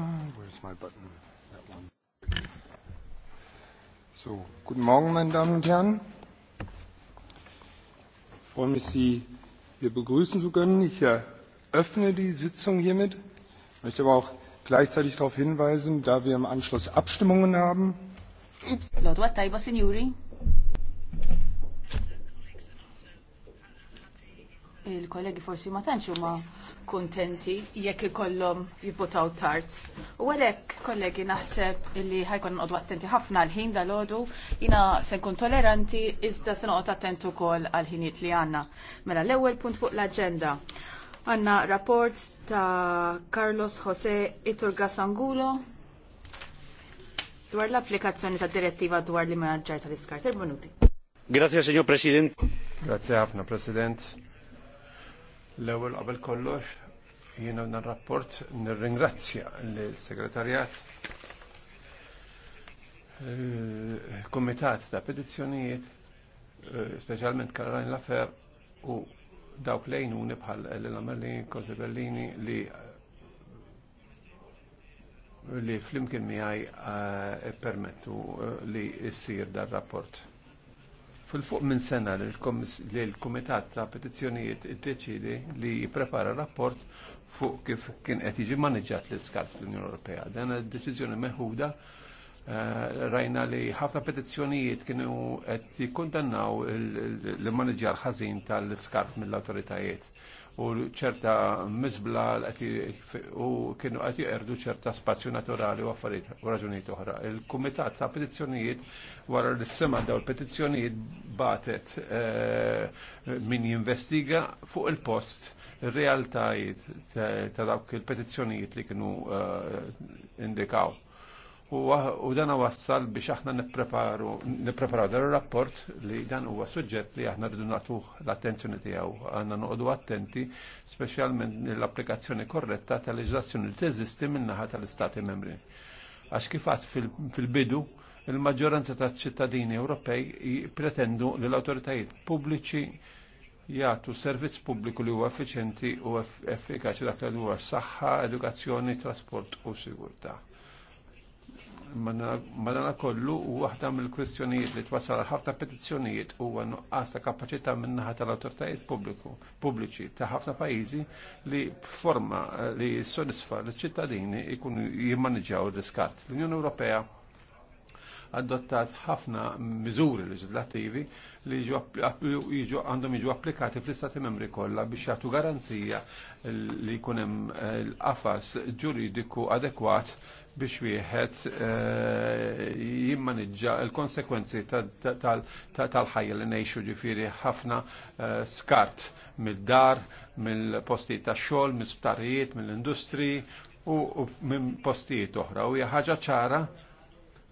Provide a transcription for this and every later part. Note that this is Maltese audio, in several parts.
Ah, where's my button? That one. So, guten Morgen, meine Damen und Herren. Ich freue mich, Sie hier begrüßen zu können. Ich eröffne die Sitzung hiermit. Ich möchte aber auch gleichzeitig darauf hinweisen, da wir im Anschluss Abstimmungen haben. Il-kollegi forsi ma tantx huma kuntenti jekk ikollhom jibutaw tard. U għalhekk kollegi naħseb li ħajkun nqodu attenti ħafna l-ħin dal-għodu, jina se nkun toleranti iżda se noqgħod attent ukoll għal-ħinijiet li għandna. Mela l-ewwel punt fuq l-aġenda. Għanna rapport ta' Carlos Jose Iturga Sangulo. dwar l-applikazzjoni ta' direttiva dwar li maġġar tal-iskart. minuti. Grazie, signor President. Grazie, Afna, President. L-ewwel qabel kollox jiena nar-rapport nirringrazzja l-segretarjat eh, kumitat ta' petizzjonijiet, eh, speċjalment Karajn Lafer u dawk u nibħal Elena Merlin, Kose Bellini li li flimkien miħaj eh, permettu li jissir dar rapport Fil-fuq minn sena li l-Kumitat ta' Petizzjonijiet iddeċidi li jiprepara rapport fuq kif kien qed jiġi maniġġat l-iskart fl-Unjoni Ewropea. Dan id-deċiżjoni meħuda eh, rajna li ħafna petizzjonijiet kienu qed jikkundannaw l-maniġġar ħażin tal-iskart mill-awtoritajiet u ċerta mizbla u kienu għati erdu ċerta spazju naturali u affarijiet u raġunijiet oħra. Il-Kumitat ta' petizzjonijiet wara li s-sema daw il-petizzjonijiet batet eh, min jinvestiga fuq il-post realtajiet ta' dawk il-petizzjonijiet li kienu eh, indikaw u dan wassal biex aħna nippreparu nippreparaw dar rapport li dan huwa suġġett li aħna rridu nagħtuh l-attenzjoni tiegħu. Għandna noqogħdu attenti speċjalment l-applikazzjoni korretta tal-leġiżlazzjoni li teżisti min-naħa tal-Istati membri. Għax kifat fil-bidu il-maġġoranza taċ ċittadini Ewropej pretendu li l-awtoritajiet pubbliċi jgħatu servizz pubbliku li huwa effiċenti u effikaċi dak li huwa saħħa, edukazzjoni, trasport u sigurtà. Madana kollu u waħda mill-kwistjonijiet li twasal ħafna petizzjonijiet u nuqqas ta' kapaċità minnaħa tal-awtoritajiet pubbliku pubbliċi ta' ħafna pajjiżi li forma eh, li jissodisfa l-ċittadini jkunu jimmanġaw ir diskart L-Unjoni Ewropea adottat ħafna miżuri leġislattivi li għandhom jiġu applikati fl-istati membri kollha biex jagħtu garanzija li jkun hemm eh, l-qafas ġuridiku adekwat biex wieħed eh, jimmaniġġa l-konsekwenzi tal-ħajja li ngħixu ġifieri ħafna eh, skart mill-dar, mill-postijiet tax-xogħol, mill-sptarijiet, mill-industri u minn postijiet oħra. U hija ħaġa ċara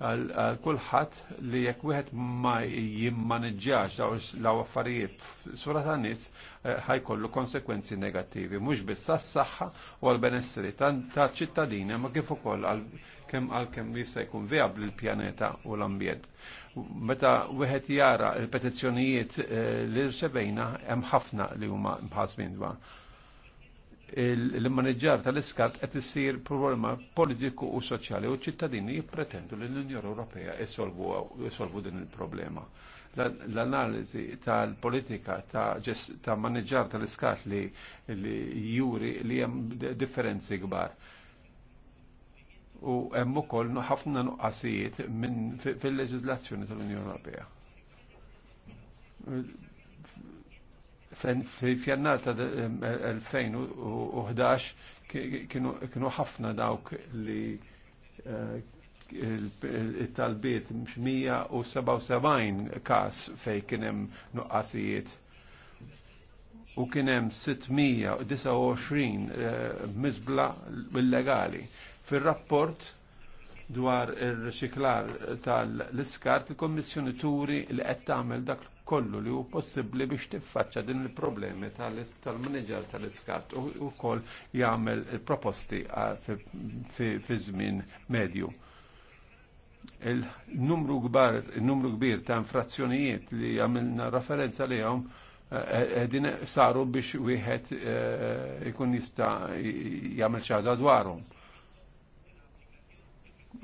għal kulħadd li jekk wieħed ma jimmaneġġjax daw l affarijiet sura ta' nies eh, ħajkollu konsekwenzi negattivi mhux biss għas-saħħa u għall-benessri ta' ċittadini ma kif ukoll għal kemm għal kemm jista' jkun viabli l-pjaneta u l-ambjent. Meta wieħed jara l-petizzjonijiet eh, li rċevejna hemm ħafna li huma mħassbin dwar l-maneġġar tal-iskart qed issir problema politiku u soċjali u ċittadini jippretendu li l-Unjoni Ewropea jsolvu din il-problema. L-analiżi tal-politika ta' maneġġar tal-iskart li juri li hemm differenzi kbar u hemm ukoll ħafna nuqqasijiet minn fil-leġiżlazzjoni tal-Unjoni Ewropea. Fjannata 2011 kienu ħafna dawk li eh, il-talbiet 177 kas fej kienem nuqqasijiet u kienem 629 eh, mizbla illegali. Fil-rapport dwar il-reċiklar tal-iskart, il-Kommissjoni turi li qed tagħmel dak kollu li hu possibbli biex tiffaċċa din il-problemi tal-manager tal-iskat u wkoll jagħmel proposti fi żmien medju. Il-numru kbar, il-numru kbir ta' infrazzjonijiet li għamilna referenza li għom e, e, edin saru biex wieħed e, ikun jista' jagħmel ċaħda dwarhom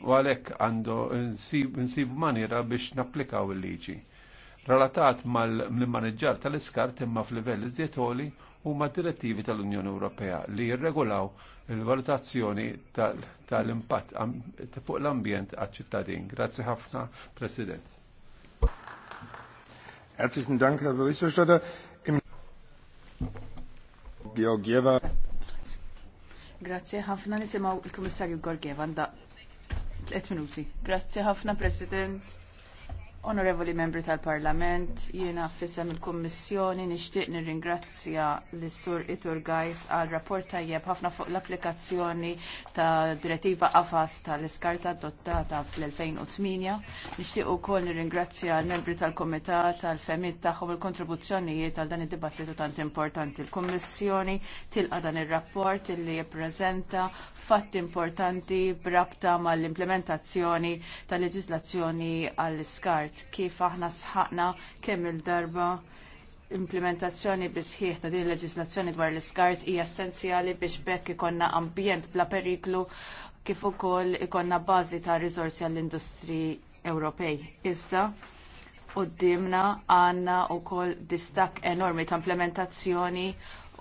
u għalek għandu nsibu manjera biex napplikaw il-liġi relatat mal-mimmaneġġar tal iskar temma f'livell iżjetoli huma direttivi tal-Unjoni Ewropea li jirregolaw il-valutazzjoni tal-impatt fuq l-ambjent għal-ċittadin. Grazzi ħafna, President. Herzlichen Dank, Herr Berichterstatter. Georgieva. Grazie ħafna nisimaw il-Kommissarju Gorgieva da 3 minuti. Grazie ħafna President. Onorevoli membri tal-Parlament, jiena fissem il-Kommissjoni nixtieq nirringrazzja l sur Itur Gajs għal rapport tajjeb ħafna fuq l-applikazzjoni ta' direttiva AFAS tal-iskarta adottata fl-2008. Nixtieq ukoll nirringrazzja l-membri tal-Komitat tal-Femit tagħhom il-kontribuzzjonijiet għal dan id-dibattitu tant importanti. Il-Kommissjoni tilqa dan ir-rapport il li jippreżenta fatti importanti brabta mal-implementazzjoni tal-leġislazzjoni għall iskarta kienet kif aħna sħaqna kemm il-darba implementazzjoni bisħieħ ta' din il-leġislazzjoni dwar l-iskart hija essenzjali biex bekk ikonna ambjent bla periklu kif ukoll ikonna bażi ta' riżorsi għall-industri Ewropej. Iżda, qoddimna għandna wkoll distakk enormi ta' implementazzjoni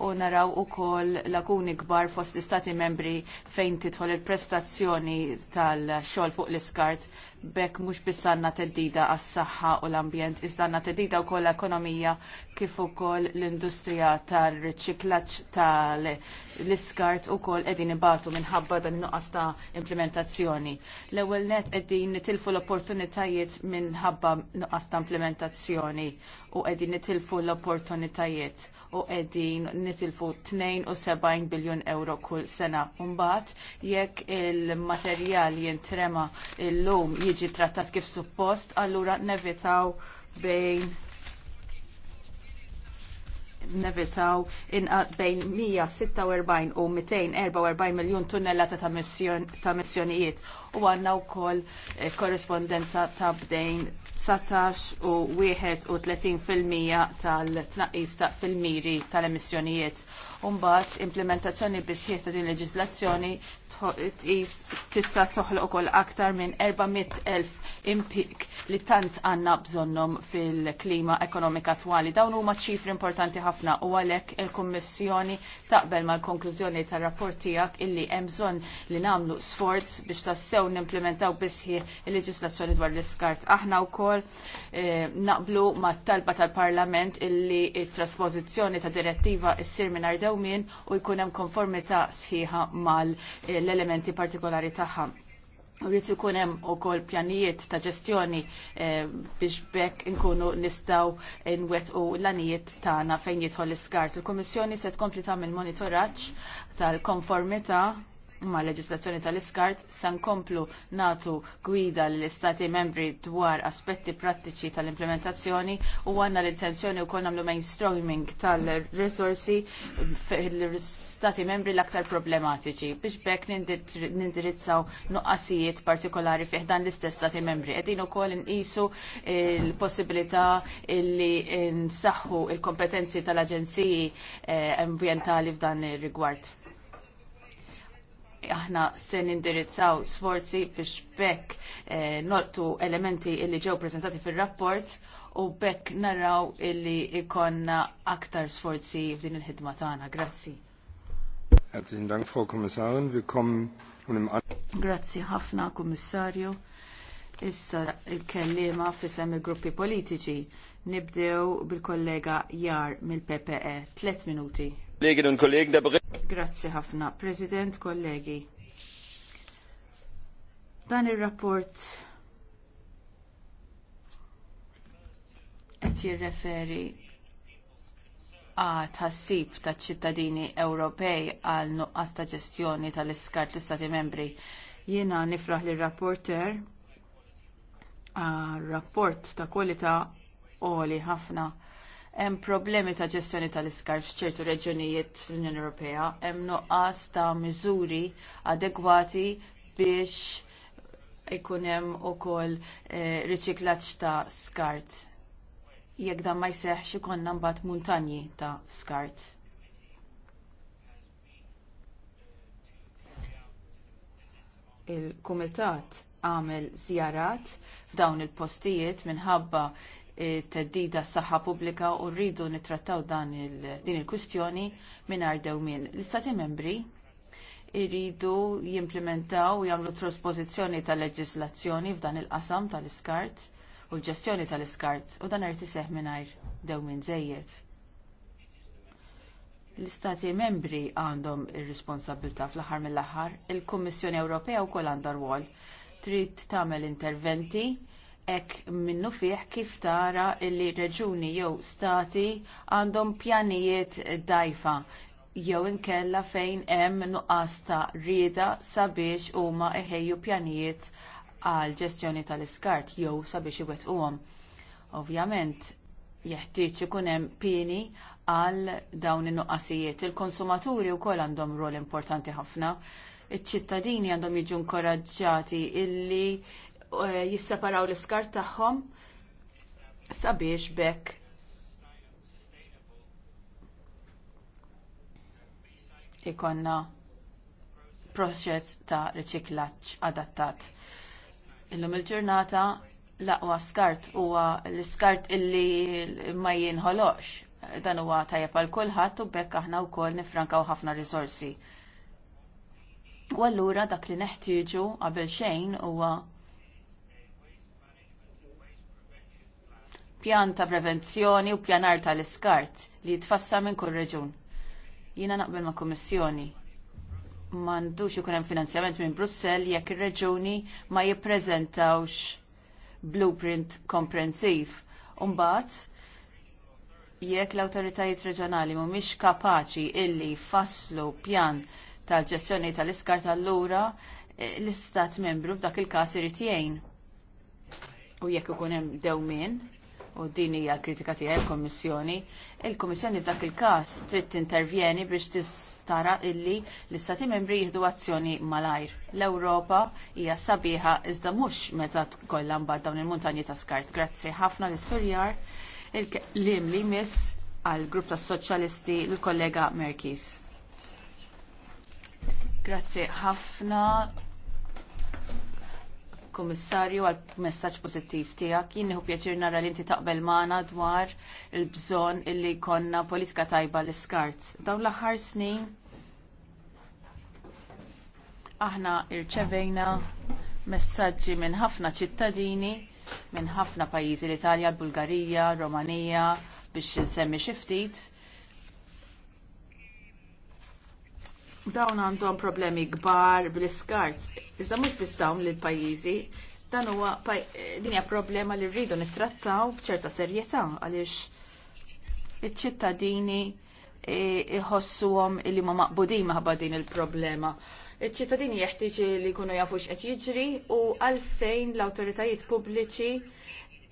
u naraw ukoll lakuni kbar fost l-istati membri fejn tidħol il-prestazzjoni tal xol fuq l-iskart bekk mhux biss għandna teddida għas-saħħa u l-ambjent, iżda għandna teddida wkoll l-ekonomija kif ukoll l-industrija tar riċiklaġġ tal-iskart ukoll qegħdin ibatu minħabba dan nuqqas ta' implementazzjoni. L-ewwel net qegħdin nitilfu l-opportunitajiet minħabba nuqqas ta' implementazzjoni u qegħdin nitilfu l-opportunitajiet u qegħdin nitilfu 72 biljun euro kull sena. Mbagħad jekk il-materjal jintrema il-lum jiġi trattat kif suppost, allura nevitaw bejn nevitaw inqat bejn 146 u 244 miljon tunnellata ta' missjonijiet u għanna u koll eh, korrespondenza ta' bdejn 19 u 31 fil-mija tal-tnaqis ta' fil-miri tal-emissjonijiet. Umbat, implementazzjoni bisħiet ta' din leġislazzjoni tista' toħloq ukoll aktar minn 400.000 impik li tant għanna bżonnom fil-klima ekonomika twali. Dawn huma ċifri importanti ħafna u għalhekk il-Kummissjoni taqbel mal-konklużjoni tar-rapport tiegħek illi hemm bżonn li nagħmlu sforz biex tassew nimplementaw bisħi il-leġislazzjoni dwar l-iskart. Aħna wkoll eh, naqblu mat-talba tal-Parlament illi il-trasposizjoni ta' direttiva issir mingħajr dewmien u jkun hemm konformità sħiħa mal-elementi partikolari tagħha. Rrit ikun hemm ukoll pjanijiet ta' ġestjoni eh, biex bekk inkunu nistgħu nwettqu l-anijiet tagħna fejn jidħol l-iskart. Il-Kummissjoni se tkompli tagħmel monitoraġġ tal-konformità ma' leġislazzjoni tal-iskart se nkomplu natu gwida l istati membri dwar aspetti prattiċi tal-implementazzjoni u għandna l-intenzjoni wkoll nagħmlu mainstreaming tal-resorsi fil istati membri l-aktar problematiċi biex bekk nindirizzaw nuqqasijiet partikolari fih dan l-istess stati membri. Qegħdin ukoll nqisu l-possibilità li nsaħħu il-kompetenzi tal-aġenziji eh, ambjentali f'dan ir-rigward aħna se nindirizzaw sforzi biex bekk eh, nottu elementi illi ġew prezentati fil-rapport u bekk naraw illi ikonna aktar sforzi f'din il-ħidma tagħna. Grazzi. Herzlichen Dank, Frau Kommissarin. kommen nun im Grazzi ħafna, Kommissarju. Issa il-kellima fissem il-gruppi politiċi. Nibdew bil-kollega Jar mill-PPE. Tlet minuti. Kolleginnen und Kollegen, der Bericht. Grazie ħafna, President, kollegi. Dan ir-rapport qed jirreferi għad ħassib taċ ċittadini Ewropej għal nuqqas ta' ġestjoni tal-iskart l-Istati membri. Jiena nifraħ li rapporter għal rapport ta' kwalità għoli ħafna hemm problemi ta' ġestjoni tal-iskar f'ċertu reġjonijiet fl-Unjoni Ewropea, hemm nuqqas ta' miżuri adegwati biex ikun hemm ukoll eh, riċiklaġġ ta' skart. Jekk dan ma jseħħx ikollna mbagħad muntanji ta' skart. il-Kumitat għamel zjarat f'dawn il-postijiet minħabba teddida s-saħħa pubblika u rridu nittrattaw dan il, din il-kwistjoni mingħajr dewmien. L-Istati membri irridu jimplementaw u jagħmlu trospożizzjoni tal-leġislazzjoni f'dan il-qasam tal-iskart u l-ġestjoni tal-iskart u dan seħ iseħħ mingħajr minn żejjed. L-Istati membri għandhom ir responsabilta fl-aħħar mill-aħħar, il-Kummissjoni Ewropea wkoll għandha rwol trid tagħmel interventi ek minnu fih kif tara li reġuni jew stati għandhom pjanijiet dajfa jew inkella fejn hemm nuqqas ta' rieda sabiex huma iħejju pjanijiet għal ġestjoni tal-iskart jew sabiex iwettquhom. Ovvjament jeħtieġ ikun hemm pieni għal dawn in-nuqqasijiet. Il-konsumaturi wkoll għandhom rol importanti ħafna iċ-ċittadini għandhom jiġu inkoraġġati illi Eh, jisseparaw l-iskart tagħhom sabiex bekk ikonna proċess ta' riċiklaġġ adattat. Illum il-ġurnata l-aqwa skart huwa l-iskart illi ma jinħoloqx. Dan huwa tajjeb għal kulħadd u bekk aħna wkoll nifrankaw ħafna risorsi. U allura dak li neħtieġu qabel xejn huwa pjan ta' prevenzjoni u pjanar tal-iskart li jitfassa minn kull reġun. Jiena naqbel ma' kummissjoni m'għandux ikun hemm finanzjament minn Brussell jekk ir-reġuni ma jippreżentawx blueprint komprensiv. Umbagħad jekk l-awtoritajiet reġjonali mhumiex kapaċi illi jfasslu pjan tal-ġestjoni tal-iskart allura eh, l-istat membru f'dak il-każ irid jgħin. U jekk ikun hemm dewmien u din hija kritika tiegħi l-Kommissjoni, il-Kommissjoni f'dak il-każ trid tintervjeni biex tistara illi l-Istati membri jieħdu azzjoni malajr. L-Ewropa hija sabiħa iżda mhux meta tkollha mbagħad dawn il-muntanji ta' skart. Grazzi ħafna lis surjar il kliem li miss għal grupp tas soċjalisti l-kollega Merkis. Grazzi ħafna Kummissarju għal messaġġ pożittiv tiegħek. Jien nieħu pjaċir nara li inti taqbel maħna dwar il-bżonn illi jkollna politika tajba l-iskart. Dawn l-aħħar snin aħna irċevejna messaġġi minn ħafna ċittadini minn ħafna pajjiżi l-Italja, l-Bulgarija, Romanija biex nsemmi xi ftit dawn għandhom problemi kbar bl-iskart. Iżda mhux biss dawn lil pajjiżi, dan huwa din hija problema li rridu nittrattaw b'ċerta serjetà għaliex iċ-ċittadini e, iħossuhom li ma maqbudin maħba din il-problema. Iċ-ċittadini jeħtieġ li jkunu jafu x'qed jiġri u għalfejn l-awtoritajiet pubbliċi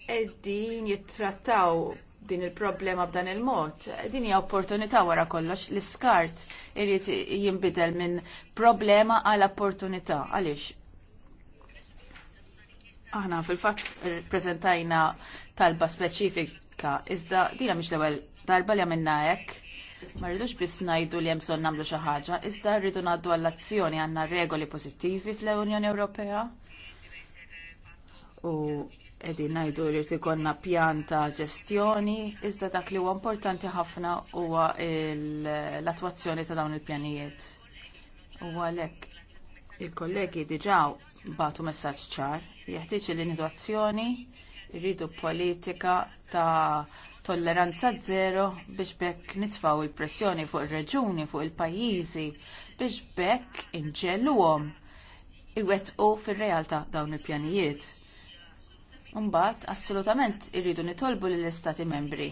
qegħdin jittrattaw din il-problema b'dan il-mod. Din hija opportunità wara kollox l-iskart irid jinbidel minn problema għal opportunità. Għaliex? Aħna fil-fatt eh, prezentajna talba speċifika iżda dina mhix l-ewwel darba li għamilna hekk. Ma rridux biss ngħidu li hemm son nagħmlu xi ħaġa, iżda rridu ngħaddu għall-azzjoni għandna regoli pożittivi fl-Unjoni Ewropea. U qegħdin ngħidu li ikollna pjan ta' ġestjoni, iżda dak li huwa importanti ħafna huwa l-attwazzjoni ta' dawn il-pjanijiet. U għalhekk il-kollegi diġà batu messaġġ ċar, jeħtieġ li nieħdu jridu rridu politika ta' tolleranza zero biex bekk nitfaw il-pressjoni fuq ir-reġuni, fuq il-pajjiżi biex bekk inġelluhom iwettqu fir-realtà dawn il-pjanijiet. Mbagħad assolutament irridu nitolbu lill istati membri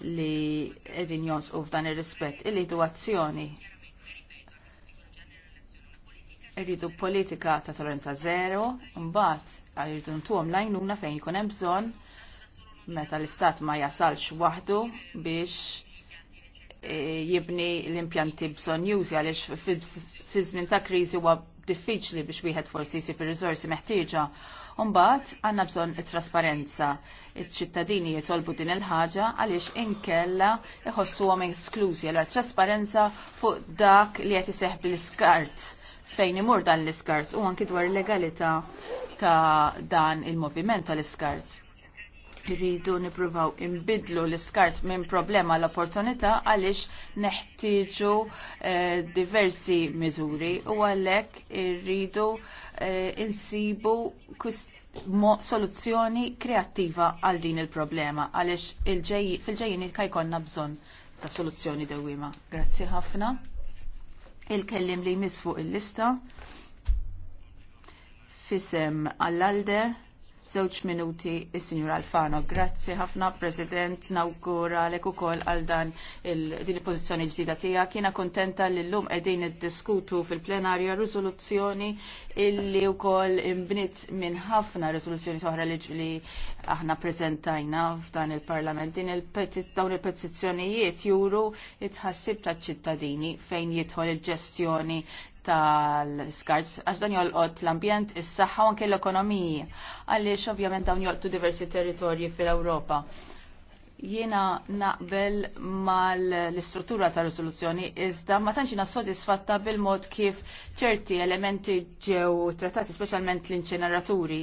li qegħdin jonsqu f'dan ir-rispett illi azzjoni. Irridu politika ta' toleranza zero, mbagħad irridu ntuhom lajnuna fejn jkun hemm bżonn meta l-istat ma jasalx waħdu biex e, jibni l-impjanti bżonn jużi għaliex fi żmien ta' kriżi huwa diffiċli biex wieħed forsi jsib ir-riżorsi meħtieġa Umbat, għanna bżon it-trasparenza. il ċittadini jitolbu din il-ħaġa għaliex inkella iħossu għom esklużi għal trasparenza fuq dak li għet jiseħ l skart fejn imur dan l-iskart u anki dwar legalità ta' dan il-moviment tal-iskart irridu nippruvaw imbidlu l-iskart minn problema l-opportunità għaliex neħtieġu eh, diversi miżuri u għalhekk irridu eh, insibu soluzzjoni kreattiva għal din il-problema għaliex fil-ġejjin il jkollna bżonn ta' soluzzjoni dewwiema. Grazzi ħafna. Il-kellim li jmiss fuq il-lista fisem għall-alde Żewġ minuti is-Sinjur Alfano. Grazzi ħafna President nawgura lek ukoll għal dan din il-pożizzjoni ġdida tiegħek. Jiena kuntenta li llum qegħdin iddiskutu fil-plenarja riżoluzzjoni illi wkoll imbnit minn ħafna riżoluzzjoni oħra li aħna preżentajna f'dan il-Parlament. Din dawn il-petizzjonijiet juru it-ħassib taċ-ċittadini fejn jidħol il-ġestjoni tal-skarts għax dan jolqot l-ambjent, is-saħħa u anke l-ekonomiji għaliex ovvjament dawn jolqtu diversi territorji fil-Ewropa. Jiena naqbel mal-istruttura ta' risoluzzjoni iżda ma tantx sodisfatta bil-mod kif ċerti elementi ġew trattati speċjalment l-inċeneraturi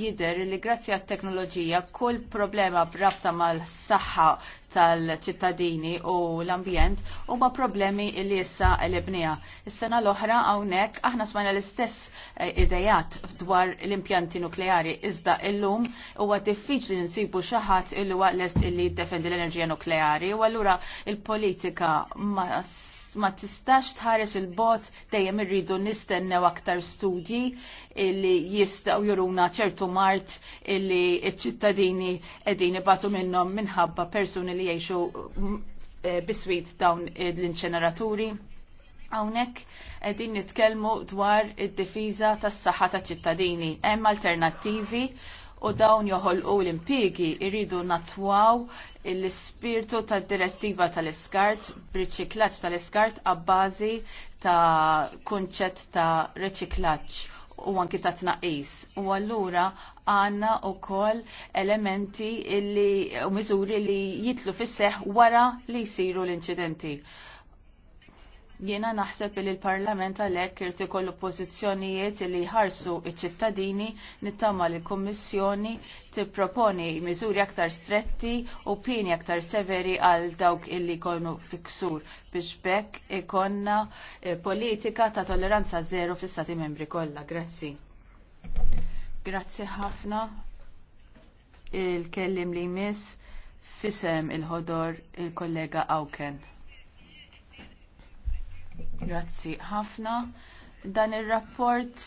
jidher li grazzi għat-teknoloġija kull problema b'rabta mal-saħħa tal-ċittadini u l-ambjent huma problemi li issa elebnija. Is-sena l-oħra hawnhekk aħna smajna l-istess eh, idejat dwar l-impjanti nukleari iżda illum huwa diffiċli nsibu xi ħadd illi huwa lest illi jiddefendi l-enerġija nukleari u allura il-politika ma' ma tistax tħares il-bot dejjem irridu nistennew aktar studji li jistgħu juruna ċertu mart li ċittadini qegħdin ibatu minnhom minħabba persuni li jgħixu mm, eh, biswit dawn l-inċeneraturi. Hawnhekk qegħdin nitkellmu dwar id-difiża tas-saħħa taċ-ċittadini. Hemm alternattivi u dawn joħolqu l-impigi irridu natwaw l-ispirtu tad direttiva tal-iskart, b'riċiklaġġ tal-iskart għabbażi ta' kunċett ta' riċiklaġġ u anki ta' tnaqis. U allura għanna u koll elementi u miżuri li jitlu fis wara li jisiru l-inċidenti. Jiena naħseb li l-Parlament għalhekk irid ikollu pożizzjonijiet li jħarsu iċ-ċittadini nittama li l-Kummissjoni tipproponi miżuri aktar stretti u pieni aktar severi għal dawk illi jkunu fiksur biex bekk ikonna eh, politika ta' toleranza zero fl-Istati membri kollha. Grazzi. Grazzi ħafna il-kellim li jmiss fisem il-ħodor il-kollega Awken. Grazzi ħafna. Dan ir-rapport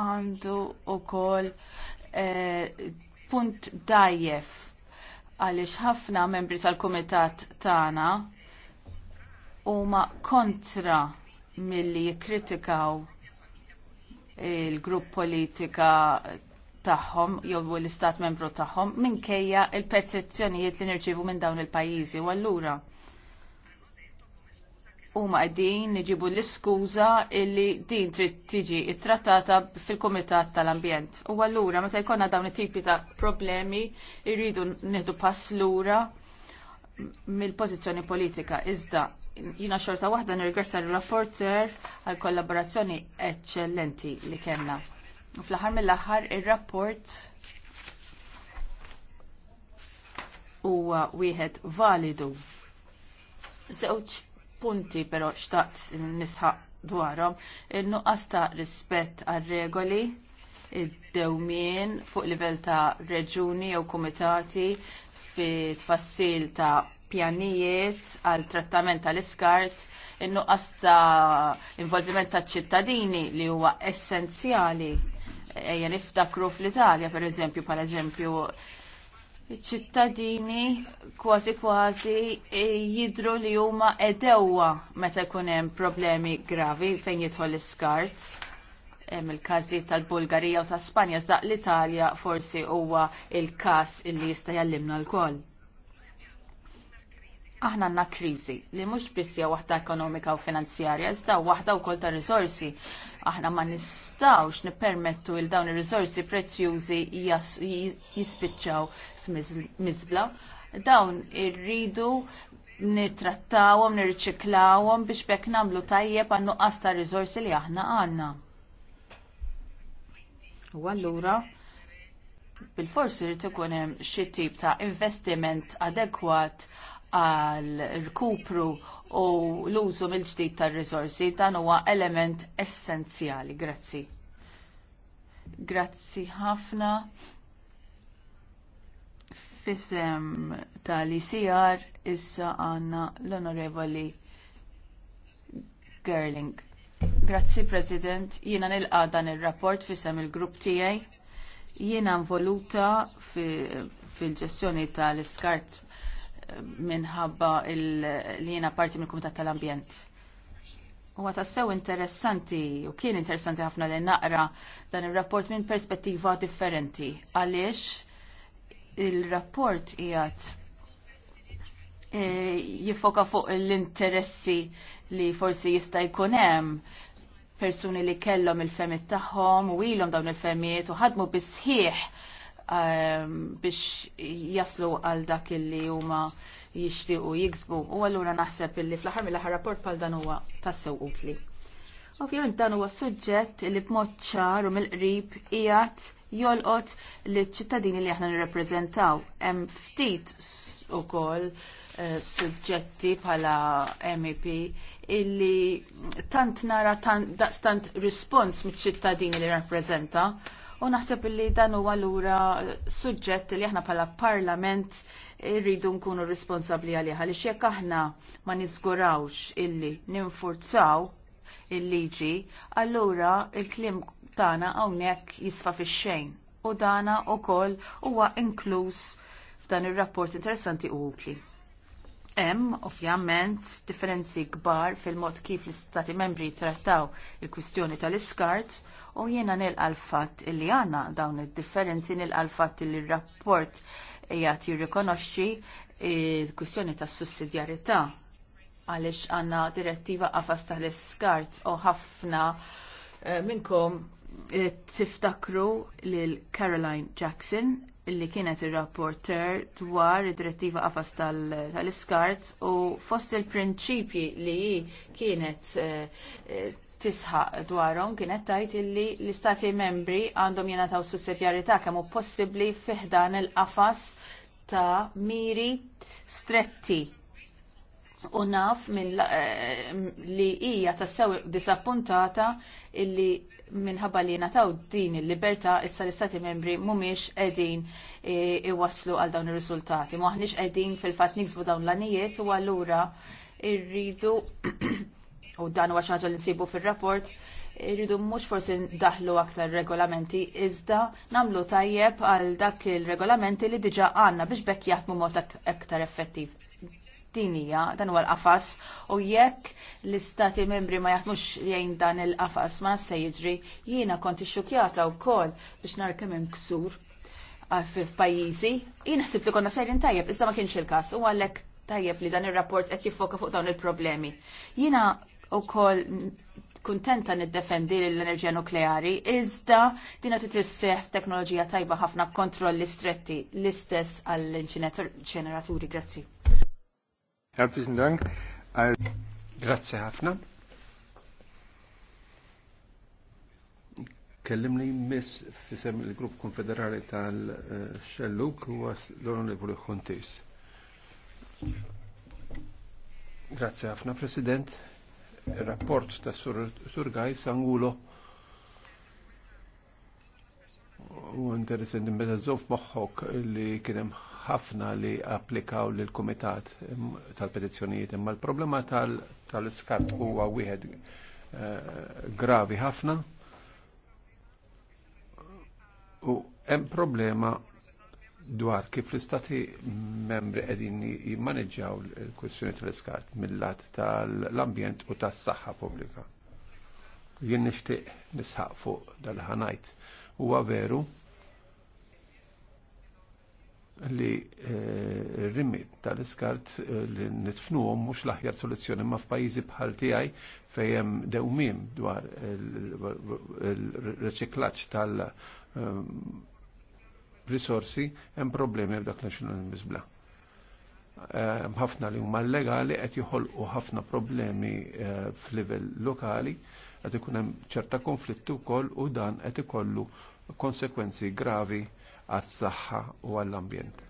għandu wkoll eh, punt dajjef għaliex ħafna membri tal-kumitat tagħna huma kontra milli jikkritikaw il-grupp politika tagħhom jew l-istat membru tagħhom minkejja il-petizzjonijiet li nirċievu minn dawn il-pajjiżi u allura huma qegħdin niġibu l-iskuża illi din trid tiġi trattata fil-Kumitat tal-Ambjent. U allura meta jkollna dawn it-tipi ta' problemi irridu nieħdu pass lura mill-pożizzjoni politika. Iżda jina xorta waħda nirgressa l-rapporter għal kollaborazzjoni eccellenti li kellna. U fl-aħħar mill-aħħar ir-rapport huwa wieħed validu. Żewġ punti però xtaqt nisħaq dwarhom il-nuqqas ta' rispett għar-regoli id-dewmien fuq livell ta' reġuni jew kumitati fi tfassil ta' pjanijiet għal trattament tal-iskart in-nuqqas ta' involviment ta' ċittadini li huwa essenzjali ejja niftakru fl-Italja per eżempju, pal eżempju ċittadini kważi kważi e, jidru li huma edewwa meta jkun hemm problemi gravi fejn jidħol l-iskart. Hemm il-każijiet tal-Bulgarija u ta' Spanja żdaq l-Italja forsi huwa il-każ illi jista' jallimna l Aħna għandna kriżi li mhux biss hija waħda ekonomika u finanzjarja, iżda waħda wkoll ta' risorsi Aħna ma nistawx nippermettu il dawn ir-riżorsi prezzjużi jispiċċaw f'miżbla. Dawn irridu nittrattawhom, nirriċiklawhom biex bekk nagħmlu tajjeb għan nuqqas ta' riżorsi li aħna għandna. U allura bil-forsi rrid ikun hemm xi tip ta' investiment adekwat għal rkupru u l-użu mill-ġdid tar-risorsi dan huwa element essenzjali. Grazzi. Grazzi ħafna. Fisem tal-ICR issa għanna l-Onorevoli Gerling. Grazzi President, jiena nilqa dan ir-rapport fisem il-grupp tiegħi. Jiena involuta fil-ġestjoni tal-iskart minħabba li jiena parti mill kumitat tal-Ambjent. U għata sew interessanti, u kien interessanti ħafna li naqra dan il-rapport minn perspettiva differenti. Għaliex il-rapport jgħat e, jifoka fuq l-interessi li forsi jista' jkun hemm persuni li kellhom il-femiet tagħhom u ilhom dawn il-femiet u ħadmu bisħieħ Um, biex jaslu għal dak illi huma jixtiequ jiksbu. U allura naħseb illi fl-aħħar mill-aħħar rapport bħal dan huwa tassew utli. Ovvjament dan huwa suġġett li b'mod ċar u mill-qrib qiegħed jolqot liċ ċittadini li aħna nirrappreżentaw. Hemm ftit ukoll eh, suġġetti bħala MEP illi tant nara tant rispons miċ-ċittadini li rappreżenta u naħseb li dan huwa lura suġġett li aħna bħala parlament irridu nkunu responsabbli għalih għaliex jekk aħna ma niżgurawx illi ninfurzaw il-liġi, allura il-klim tagħna hawnhekk jisfa fix-xejn u dana wkoll huwa inkluż f'dan ir-rapport interessanti u utli. Hemm ovvjament differenzi kbar fil-mod kif l-istati membri trattaw il-kwistjoni tal-iskart u jiena nilqa l-fatt li għandna dawn id-differenzi nilqa l-fatt li r-rapport jgħat jirrikonoxxi il-kwistjoni tas sussidjarità għaliex għandna direttiva għafas tal-iskart u ħafna eh, minnkom eh, tiftakru lil Caroline Jackson illi kienet ir-rapporter dwar id-direttiva għafas tal-iskart u fost il-prinċipji li kienet eh, tisħaq dwarhom kienet tajt illi l-istati membri għandhom jingħataw sussedjarità kemm hu possibbli fiħdan il-qafas ta' miri stretti. U naf eh, li hija tassew disappuntata illi minħabba li nataw din il-libertà issa l-istati membri mhumiex qegħdin eh, iwasslu għal dawn ir-riżultati. M'aħniex qegħdin fil-fatt niksbu dawn l-anijiet u allura irridu u dan huwa xi ħaġa li nsibu fir-rapport, irridu mhux forsi ndaħlu aktar regolamenti, iżda nagħmlu tajjeb għal dak il-regolamenti li diġa' għandna biex bekk jaħdmu mod aktar effettiv. Din hija dan huwa l-qafas u jekk l-istati membri ma jaħdmux jgħin dan il-qafas ma se jiġri jiena konti xukjata wkoll biex nar kemm hemm ksur f'pajjiżi. jiena s li konna sejrin tajjeb, iżda ma kienx il-każ u għalhekk tajjeb li dan ir rapport qed jiffoka fuq dawn il-problemi. Jiena kol kuntenta niddefendi l-enerġija nukleari, iżda dina titisseħ teknoloġija tajba ħafna kontrolli stretti l-istess għall-inċeneraturi. Grazzi. Herzlichen Dank. Grazzi ħafna. Kellimni miss fisem il-Grupp Konfederali tal-Xelluk u l-Onorevoli Hontis. Grazie ħafna, President rapport ta' Sur, sur Gajs u interessanti meta zof moħħok li kien hemm ħafna li applikaw l kumitat tal-petizzjonijiet imma l-problema tal-iskart huwa wieħed eh, gravi ħafna u hemm problema dwar kif l-istati membri qegħdin jimmaneġġjaw il-kwestjoni tal-iskart mill-lat tal-ambjent u tas-saħħa pubblika. Jien nixtieq nisħaq fuq dal-ħanajt. Huwa veru li r tal-iskart li nitfnuhom mhux l-aħjar soluzzjoni ma f'pajjiżi bħal tiegħi fejn dewmiem dwar il reċiklaċ tal- risorsi hemm problemi f'dak nazzjonalizmiż bla. Ħafna li huma legali qed joħolqu ħafna problemi eh, f'livell lokali qed ikun hemm ċerta konflittu wkoll u dan qed ikollu konsekwenzi gravi għas-saħħa u għall-ambjent.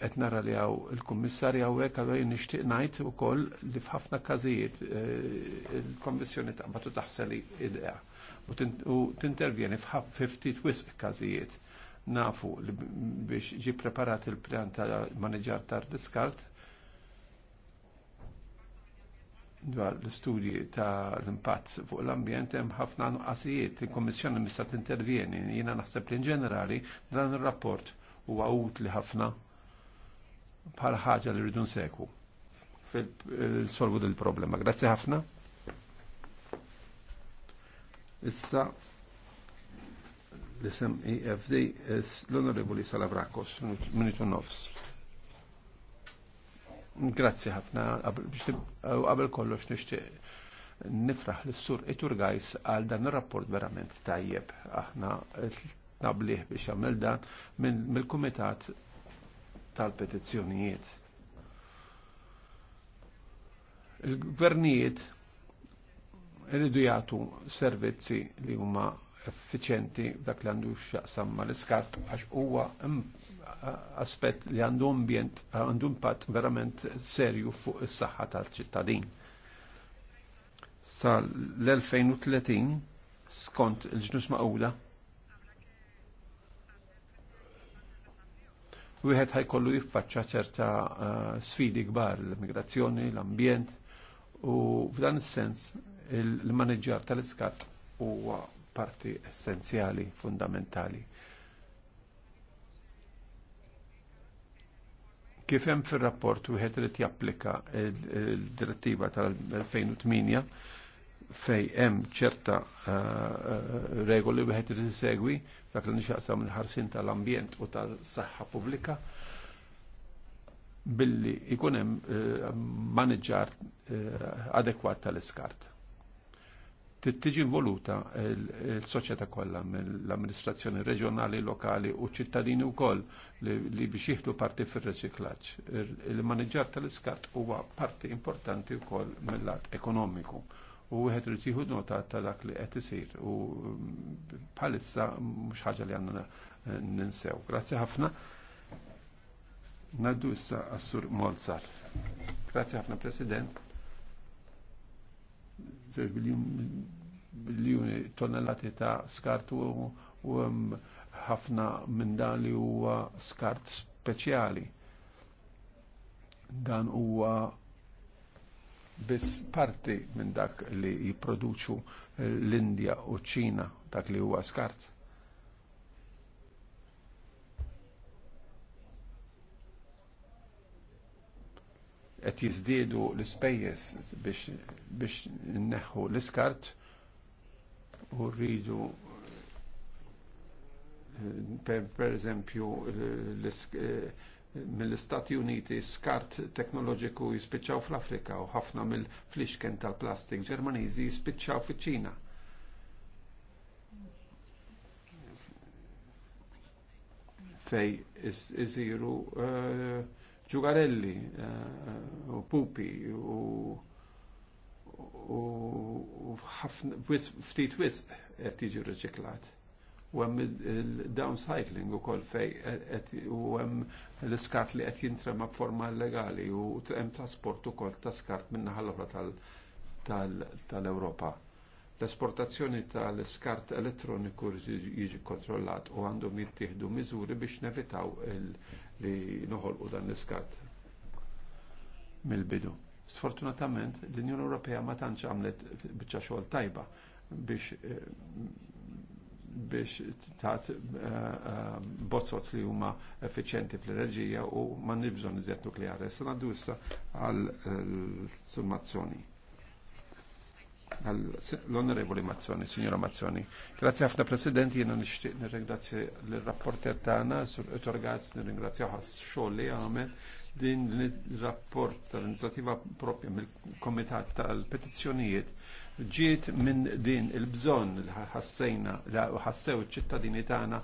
Qed nara li hawn il-kummissarju hawnhekk għalhekk nixtieq ngħid ukoll li f'ħafna każijiet eh, il-Kommissjoni taqbad taħsel taħseli id u tintervjeni 50 wisq każijiet. Nafu li biex ġi preparat il-pjan tal-manager ta' diskart dwar l-studji ta' l-impatt fuq l-ambjent hemm ħafna nuqqasijiet. Il-Kommissjoni mista' tintervjeni. Jiena naħseb li ġenerali dan ir-rapport huwa utli ħafna bħal ħaġa li rridu nsegwu fil-solvu dil-problema. Grazzi ħafna. Issa l-isem EFD l-Onorevoli Salavrakos, minutu nofs. Grazzi ħafna, għabel kollox nishti nifraħ l-sur Iturgajs għal dan ir-rapport verament tajjeb. Aħna nabliħ biex għamil dan mill-Kumitat tal-Petizzjonijiet. Il-gvernijiet Irridu jagħtu servizzi li huma effiċenti f'dak li għandu x'jaqsam mal iskat għax huwa aspett li għandu ambjent għandu impatt verament serju fuq is-saħħa tal-ċittadin. Sa l-2030 skont il-ġnus maqula wieħed ħajkollu jiffaċċa ċerta eh, sfidi kbar l-immigrazzjoni, l-ambjent u f'dan is-sens il-manager tal-iskat huwa parti essenzjali, fundamentali. Kif hemm fir-rapport wieħed irid japplika l-direttiva tal-2008 fej hemm ċerta eh, eh, regoli wieħed irid isegwi dak li nixaqsam il-ħarsin tal-ambjent u tas saħħa pubblika billi ikun hemm eh, maniġġar adekwat tal-iskart tiġi involuta l-soċjetà kollha mill-amministrazzjoni reġjonali, lokali u ċittadini wkoll li biex jieħdu parti fir-reċiklaġġ. Il-maniġġar tal-iskat huwa parti importanti wkoll mill-lat ekonomiku u wieħed irid jieħu nota ta' dak li qed isir u mm, bħalissa mhux ħaġa li għandna eh, ninsew. Grazzi ħafna. Naddu issa għassur Molzar. Grazzi ħafna President biljuni tonnellati ta' skart u ħafna minn dan li huwa skart speċjali. Dan huwa biss parti minn dak li jipproduċu l-Indja u ċ-Ċina dak li huwa skart. qed jiżdiedu l-ispejjeż biex biex nneħħu l-iskart u rridu eh, per eżempju eh, mill-Istati Uniti skart teknoloġiku jispiċċaw fl-Afrika u ħafna mill-flixken tal-plastik Ġermaniżi jispiċċaw fiċ-Ċina. Fej iżiru uh, ġugarelli u eh, eh, pupi u ftit wisq qed tiġi riċiklat. U hemm il-downcycling ukoll fej u hemm l-iskat li qed jintrema b'forma illegali u hemm trasport ukoll ta' skart min naħa l-oħra tal-Ewropa l-esportazzjoni tal-iskart elettroniku jiġi kontrollat u għandhom jittieħdu miżuri biex nevitaw li noħolqu dan l-iskat mill-bidu. Sfortunatament, l-Unjoni Ewropea ma tantx għamlet biċċa xogħol tajba biex eh, biex taħt eh, eh, bozzot li huma effiċenti fl-enerġija u ma nibżon iżjed nukleari. Sena d-dusta għal-summazzjoni l-Onorevoli Mazzoni, Signora Mazzoni. Grazie ħafna President, jena nishtiq nirringrazzja l-rapporter tagħna sur Utorgaz, e nirringrazzja ħas xogħol li għamel din l-rapport tal-inizjattiva propja mill-Komitat tal-Petizzjonijiet ġiet minn din il-bżonn li ħassejna, ħassew iċ-ċittadini tagħna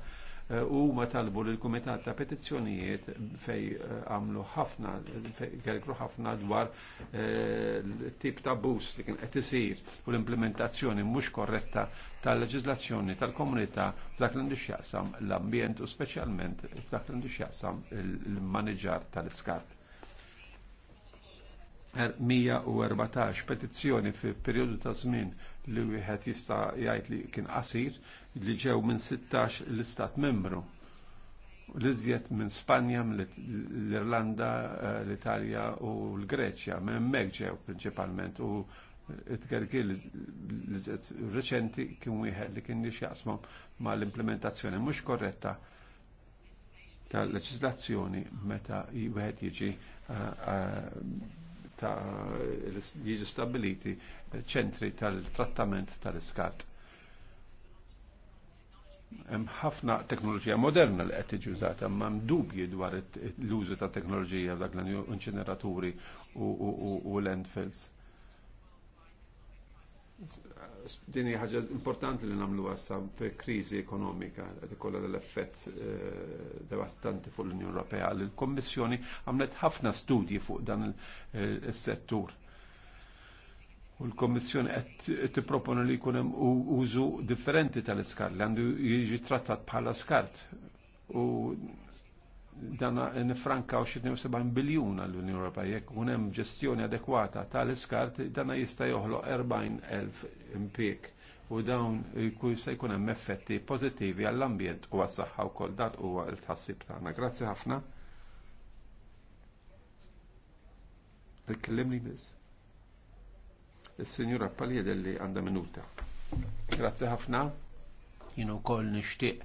Eh, u ma talbu l kumitat ta' petizzjonijiet fej eh, għamlu ħafna, fej għerkru ħafna dwar eh, tip ta' bus li kien qed isir u l-implementazzjoni mhux korretta tal leġizlazzjoni tal-komunità f'dak li xjaqsam l-ambjent u speċjalment f'dak li xjaqsam l-maniġar tal skart 114 petizzjoni fi periodu ta' żmien li wieħed jista' jgħid li kien qasir li ġew minn 16 l-istat membru. L-iżjed minn Spanja, l-Irlanda, eh, l-Italja u l-Greċja, minn hemmhekk ġew prinċipalment u it-gergil l-iżjed reċenti kien wieħed li kien jaqsmu ma l-implementazzjoni mhux korretta tal-leġislazzjoni meta wieħed jiġi eh, eh, ta' jiġu stabiliti ċentri tal-trattament tal-iskat. Hemm ħafna teknoloġija moderna li qed tiġi użata, ma dubji dwar l-użu ta' teknoloġija dak l-inċineraturi u landfills Dini ħagġa importanti li namlu għassa krizi ekonomika, għad kolla l-effett eh, devastanti fuq l-Unjoni Ewropea. L-Kommissjoni għamlet ħafna studji fuq dan eh, il-settur. U l-Kommissjoni qed tipproponi li jkun hemm użu differenti tal-iskart li għandu jiġi trattat bħala skart. U dana nifranka xi 72 biljuna għall-Unjoni Ewropea jekk kun hemm ġestjoni adekwata tal-iskart dana jista' joħloq 40,000 impjeg u dawn se jkun hemm effetti pożittivi għall-ambjent u għas-saħħa wkoll dat huwa l-tħassib tagħna. Grazzi ħafna. Ikkellimni biss. Is-Sinjura Paljedelli għandha minuta. Grazzi ħafna. Jien ukoll nixtieq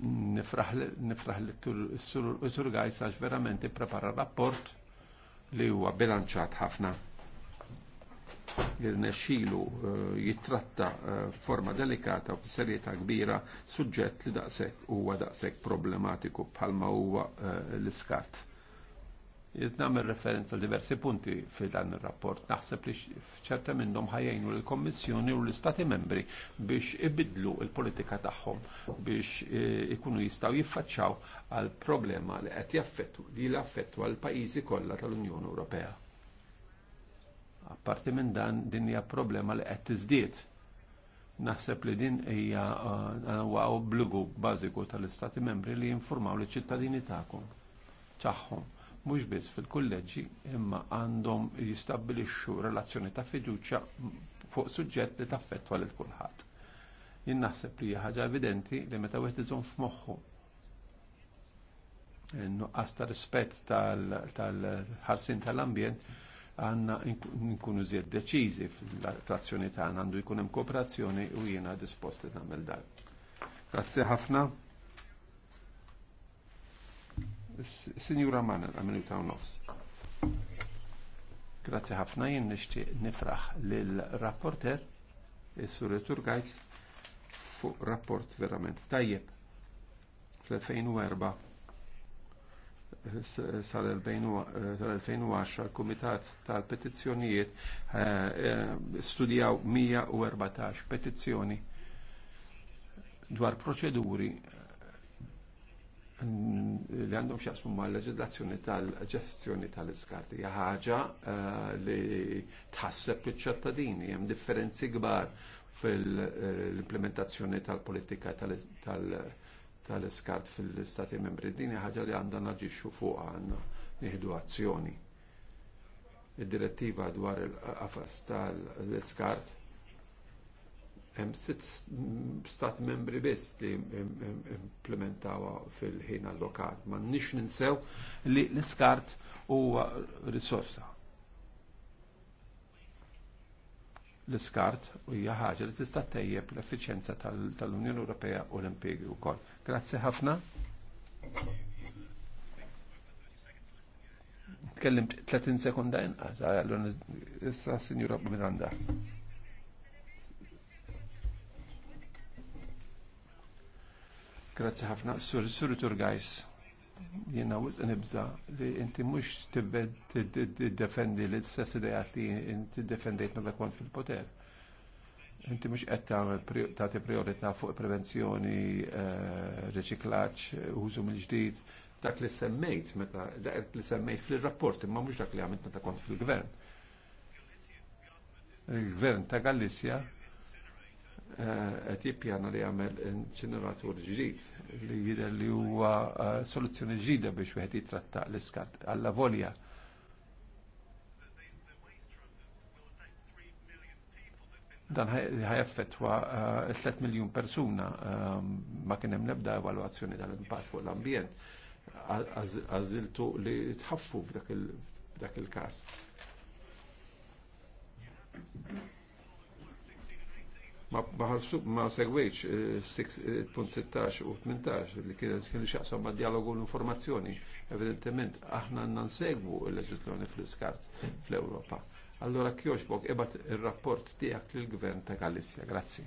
nifraħ li t-sur għajs għax verament prepara rapport li huwa bilanċat ħafna jirnexxilu eh, jitratta eh, forma delikata u serjetà kbira suġġett li daqshekk huwa daqshekk problematiku bħalma huwa eh, l-iskart Namel referenza diversi punti fil-dan il-rapport. Naħseb li ċerta minnhom ħajajnu l-Kommissjoni u l-Istati membri biex ibidlu il-politika tagħhom biex e, ikunu jistaw jiffaċċaw għal problema li qed jaffettu li l-affettu għal pajjiżi kollha tal-Unjoni Ewropea. Apparti minn dan din hija problema li qed tiżdied naħseb li din hija e, e, obbligu bażiku tal-Istati membri li jinformaw liċ ċittadini tagħhom tagħhom mhux biss fil-kulleġġi imma għandhom jistabbilixxu relazzjoni ta' fiduċja fuq suġġett li taffettwa lil kulħadd. Jien naħseb li hija ħaġa evidenti li meta wieħed iżomm f'moħħu nuqqas ta' rispett tal-ħarsin tal-ambjent għanna nkunu zjed deċizi fil attrazzjoni tagħna għandu jkun hemm kooperazzjoni u jiena disposti nagħmel dan. Grazzi ħafna. Signora Manner, għamilu ta' nofs. Grazie ħafna jien nixtieq nifraħ lil rapporter is-Sur Turgajs fuq rapport verament tajjeb fl-2004 sal-2010 il-Kumitat tal-Petizzjonijiet eh, studjaw 114 petizzjoni dwar proċeduri li għandhom xaqsmu ma' leġizlazzjoni tal-ġestjoni tal-iskarti. ħaġa eh, li tħasseb il-ċattadini, hemm differenzi kbar fil-implementazzjoni tal-politika tal-iskart fil-Stati membri. Din ħaġa li għandha naġixxu fuq għandna nieħdu azzjoni. Id-direttiva dwar il-qafas tal-iskart hemm sitt stat membri biss li implementawa fil-ħin allokat. Ma nix ninsew li l-iskart huwa risorsa. L-iskart hija ħaġa li tista' tejjeb l-effiċjenza tal-Unjoni Ewropea u l-impjegi wkoll. Grazzi ħafna. Tkellimt 30 sekonda inqas, allora issa Sinjura Miranda. Grazzi ħafna. Sur, sur Turgajs, jena wiz nibza li inti mux tiddefendi li stess idejat li inti defendejt mela kont fil-poter. Inti mux qed tagħti priorità fuq prevenzjoni, eh, riċiklaġġ, użu mill-ġdid, dak li semmejt meta dak li semmejt fil-rapport imma mhux dak li għamilt meta kont fil-gvern. Il-gvern ta' Galizja qed eh, jippjana li jagħmel inċineratur ġdid li jidher li huwa eh, soluzzjoni ġdida biex wieħed jitratta l-iskat alla volja. Dan ħajaffettwa 3 eh, miljun persuna ma kien hemm nebda evalwazzjoni tal-impatt fuq l-ambjent. Għażiltu li tħaffu f'dak il-każ ma segwejċ 6.16 eh, eh, u 18 li kien li xaqsam ma dialogu l-informazzjoni. Evidentement, aħna segwu il leġislazzjoni fl-iskart fl-Europa. Allora bok ebat il-rapport tijak l-gvern ta' Galizja. Grazzi.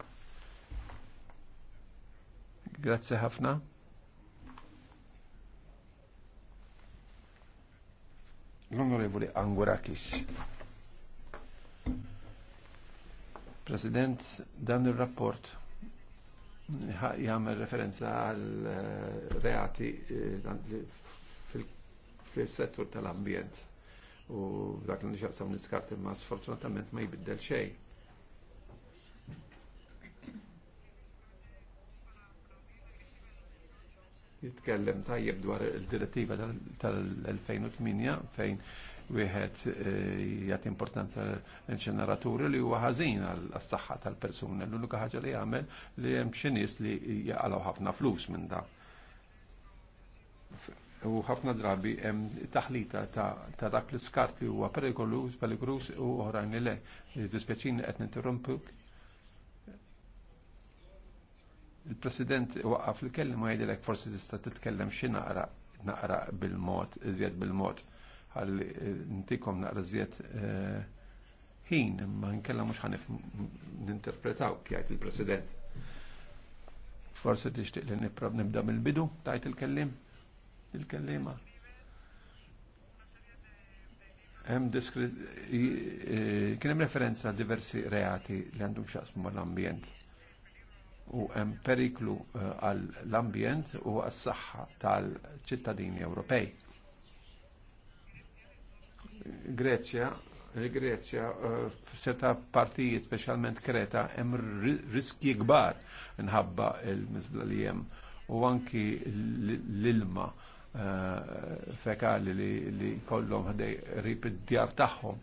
Grazzi ħafna. L-onorevoli Angurakis. President, dan il-rapport jgħamil referenza għal reati fil-settur tal-ambjent u dak li nixaqsam niskart imma sfortunatament ma jibiddel xej. Jitkellem tajjeb dwar il-direttiva tal-2008 fejn wieħed eh, jagħti importanza l-inċeneraturi li huwa ħażin għas-saħħa tal-persuna. L-unika ħaġa li jagħmel li hemm xi nies li jaqalgħu ħafna flus minn da. U ħafna drabi hemm taħlita ta' dak l-iskart li huwa perikolus, perikolus u oħrajn li le. Dispeċin qed ninterrompuk il-President waqaf il-kellim ma jgħidilek forsi tista' titkellem xi naqra naqra bil-mod, iżjed bil-mod għalli eh, ntikom ziet eh, ħin, ma nkella mux ħanif ninterpretaw tijajt il-president. Forse tixtiq li niprab nibda mill-bidu, tajt il-kellim, il-kellima. Hemm kien hemm referenza diversi reati li għandhom x'aqsmu mal-ambjent. U hemm periklu eh, għall-ambjent u għas-saħħa tal-ċittadini Ewropej Greċja, il-Greċja eh, eh, f'seta partijiet, specialment Kreta, hemm riskji kbar nħabba il-mizbla li hemm u anki l-ilma eh, fekali li kollom ħdej rib id-djar tagħhom.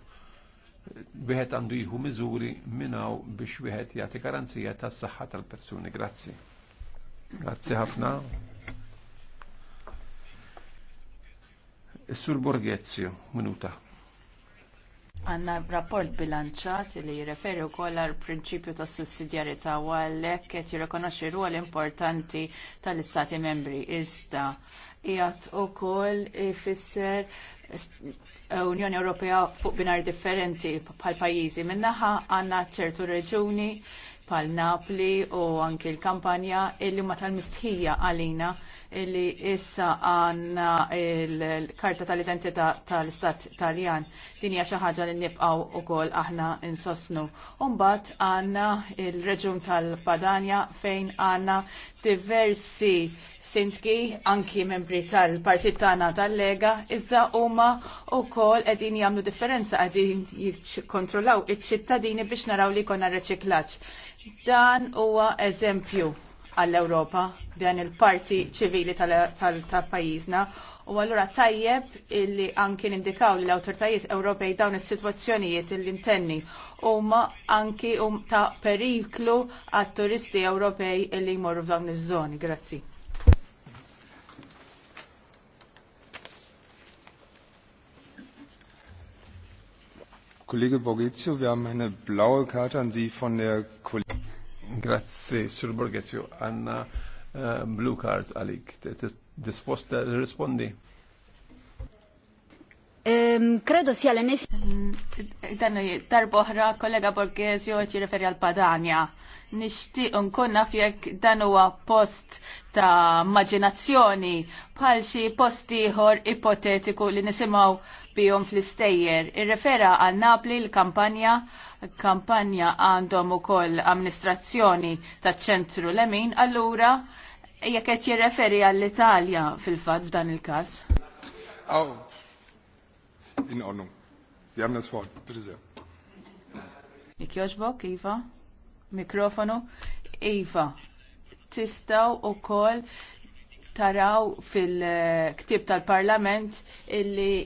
Wieħed għandu jieħu miżuri minnaw biex wieħed jagħti garanzija tas-saħħa tal-persuni. Grazzi. Grazzi ħafna. Is-Sur Borghezio, minuta. Għanna rapport bilanċat li jirreferi wkoll għall prinċipju ta' sussidjarjetà u għalhekk qed jirrikonoxxi ruol importanti tal-Istati membri iżda qiegħed ukoll ifisser Unjoni Ewropea fuq binar differenti bħal pajjiżi. Minnaħa għandna ċertu reġuni bħall Napli u anki l-kampanja illi ma tal-mistħija għalina li issa għanna il-karta tal-identità tal-istat taljan. Din hija xi ħaġa li nibqgħu ukoll aħna insostnu. Umbagħad għandna il-reġun tal-Padania fejn għandna diversi sintki anki membri tal-partit tagħna tal-Lega iżda huma wkoll qegħdin jagħmlu differenza qegħdin jikkontrollaw iċ-ċittadini biex naraw li jkollna reċiklaġġ. Dan huwa eżempju għall europa dan il-parti ċivili tal-pajjiżna. U allura tajjeb illi anki nindikaw l awtoritajiet Ewropej dawn is-sitwazzjonijiet illi intenni huma anki um ta' periklu għat-turisti Ewropej illi jmorru f'dawn iż-żoni. Grazzi. Kollege Borgizio, wir haben eine blaue Karte an Sie von der Kollegin. Grazzi, Sur Borgesio, għanna eh, blue card għalik. Disposta rispondi? Kredo ehm, sia l eh, Dan darboħra kollega Borgesio ti referi għal Padania. Nishti unkunna fjek dan huwa post ta' maġinazzjoni bħal xi post ieħor ipotetiku li nisimgħu bihom fl-istejjer. Irrefera għal Napli l-kampanja, kampanja għandhom ukoll amministrazzjoni taċ ċentru Lemin, allura jekk qed jirreferi għall-Italja fil-fatt f'dan il-każ. Oh. In joġbok, Iva? Mikrofonu? Iva, tistaw u taraw fil-ktib tal-parlament illi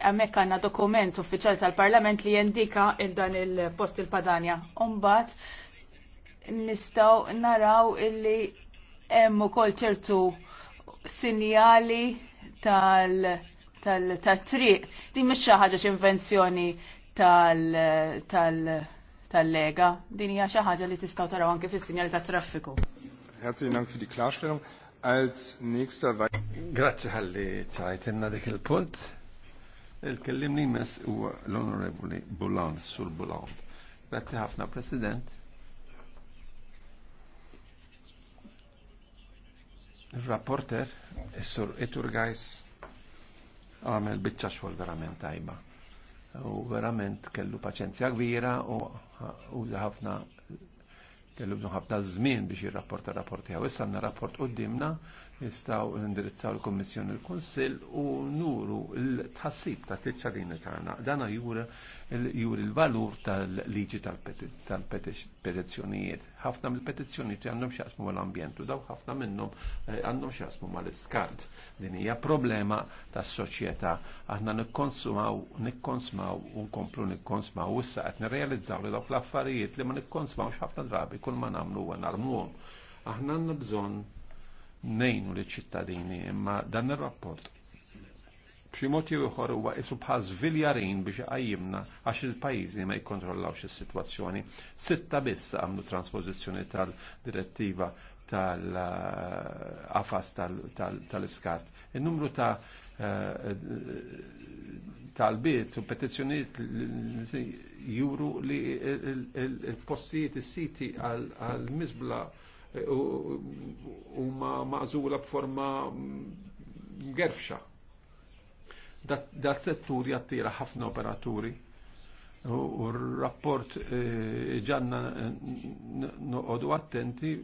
għamek għanna dokument uffiċjal tal-parlament li jendika il-dan il-post il-Padania. Umbat nistaw naraw illi hemm ukoll ċertu sinjali tal- tal-triq. Din mhix xi ħaġa x'invenzjoni tal-lega. Din hija xi ħaġa li tistaw taraw anke fis-sinjali tat-traffiku. Herzlichen Dank für die Klarstellung. Als nächster Grazie ħalli ċajtenna dik il-punt. Il-kellimni mes u l-Onorevoli Bulan sul Bulan. Grazie ħafna, President. Il-rapporter, il-sur e Iturgajs, e għamel bitċa xol verament tajba. U verament kellu paċenzja kbira u ħafna tellu ħabta żmien biex jirrapporta rapport tiegħu. Issa għanna rapport d-dimna jistaw indirizzaw l-Kommissjoni l-Konsil u nuru l-tħassib ta' t-ċadini tagħna. Dana jura l-valur tal-liġi tal-petizzjonijiet. Ħafna mill-petizzjonijiet għandhom xaqsmu mal-ambjent u daw ħafna minnhom eh, għandhom xaqsmu mal-iskart. Din hija problema tas-soċjetà. Aħna nikkonsumaw, nikkonsmaw u nkomplu nikkonsmaw issa qed nirrealizzaw li dawk l-affarijiet li ma nikkonsmawx ħafna drabi kull ma nagħmlu huwa narmuhom. Aħna għandna bżonn nejnu li ċittadini imma dan ir-rapport b'ximot ieħor huwa isu bħal żviljarin biex iqajjimna għax il-pajjiżi ma jikkontrollawx is-sitwazzjoni. Sitta biss għamlu transpożizzjoni tal-direttiva tal-afas tal-iskart. Il-numru ta' eh, tal-bit u petizzjoniet juru li il-postijiet, il-siti għal-mizbla huma mażula b'forma gerfxa. Dat settur jattira ħafna operaturi. U r-rapport e, ġanna e, noqodu attenti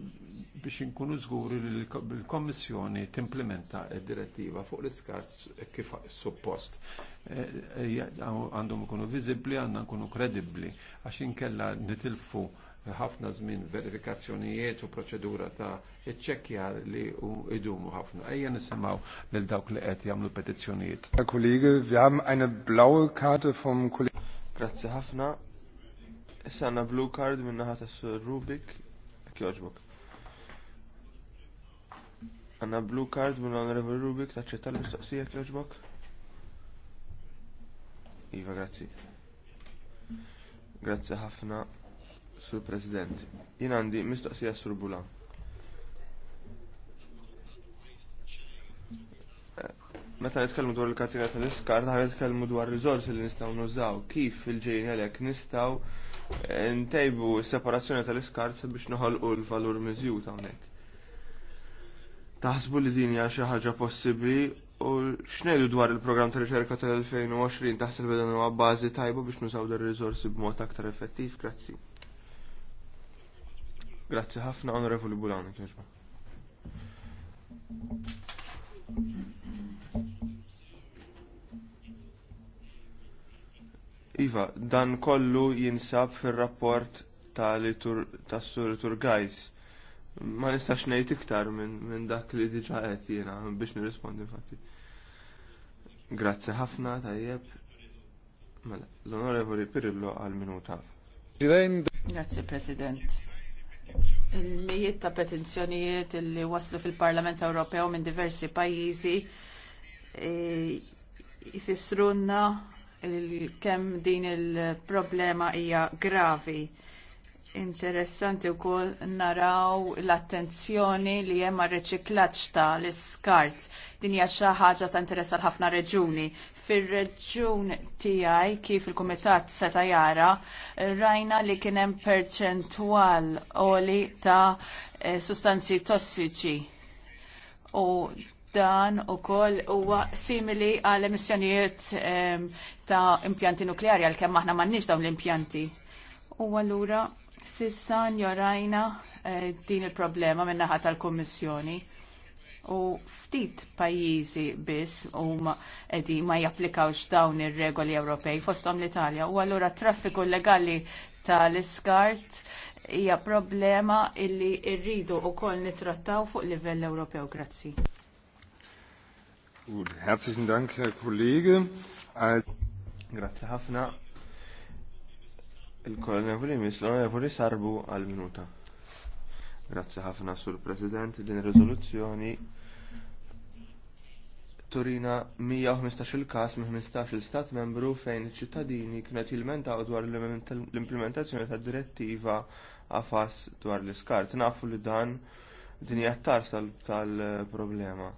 biex inkunu żguri li l-Kommissjoni timplementa d-direttiva fuq l-iskart kif suppost. E, għandhom ikunu viżibbli, għandhom kunu kredibbli, għax inkella nitilfu ħafna żmien verifikazzjonijiet u proċedura ta' iċċekkja li idumu ħafna. Ejja nisimgħu lil dawk li qed jagħmlu petizzjonijiet. Kollege, vi għam eine blaue Karte vom Kollegen. Grazzi ħafna. Issa għandna blue card minn naħa tas Rubik. Kjoġbok. Għandna blue card minn Honorable Rubik taċċetta l-mistoqsija kjoġbok. Iva, grazzi. Grazzi ħafna. Sur President, jien għandi mistoqsija sur Bulan. Eh, meta nitkellmu dwar il-katina tal-iskar, taħna nitkellmu dwar riżorsi li nistgħu nużaw, kif il ġejjin għalhekk nistgħu eh, ntejbu s-separazzjoni tal-iskar biex noħolqu l-valur miżjut hawnhekk. Taħsbu li din hija xi ħaġa possibbli u x'ngħidu dwar il-programm ta' riċerka tal-2020 taħseb li dan huwa bażi tajba biex nużaw dar-riżorsi b'mod aktar effettiv, grazzi. Grazzi ħafna Onorevoli Bulani ma. Iva, dan kollu jinsab fil-rapport tas-sur Turgajs. Ma nistax ngħid iktar minn dak li diġa għet jiena biex nirrispondi infatti. Grazzi ħafna tajjeb. Mela, l-Onorevoli Pirillo għal minuta. Grazie President il-mijiet ta' petizzjonijiet li waslu fil-Parlament Ewropew minn diversi pajjiżi e, jfissrunna kemm din il-problema hija gravi. Interessanti wkoll naraw l-attenzjoni li hemm għar-riċiklaġġ tal-iskart din hija xi ħaġa ta' interess għal ħafna reġuni. Fir-reġjun tiegħi kif il-kumitat seta' jara rajna li kien hemm perċentwal oli ta' eh, sustanzi tossiċi. U dan u koll huwa simili għal emissjonijiet ta' impjanti nukleari għal kemm aħna m'għandniex dawn l-impjanti. U allura sissa njorajna eh, din il-problema min-naħa tal-Kummissjoni u ftit pajjiżi biss huma qegħdin ma japplikawx dawn ir-regoli Ewropej fosthom l-Italja u allura t traffiku legali tal-iskart hija problema illi rridu wkoll nittrattaw fuq livell Ewropew. Grazzi. Gut, herzlichen Dank, Herr Kollege. Grazie ħafna. il mislo, sarbu għal-minuta. Grazzi ħafna sur President din ir-riżoluzzjoni Turina 115 il-każ minn 15 stat membru fejn iċ-ċittadini kienet jilmentaw dwar l-implementazzjoni tad direttiva għafas dwar l-iskart. Nafu li dan din hija t-tarsa tal-problema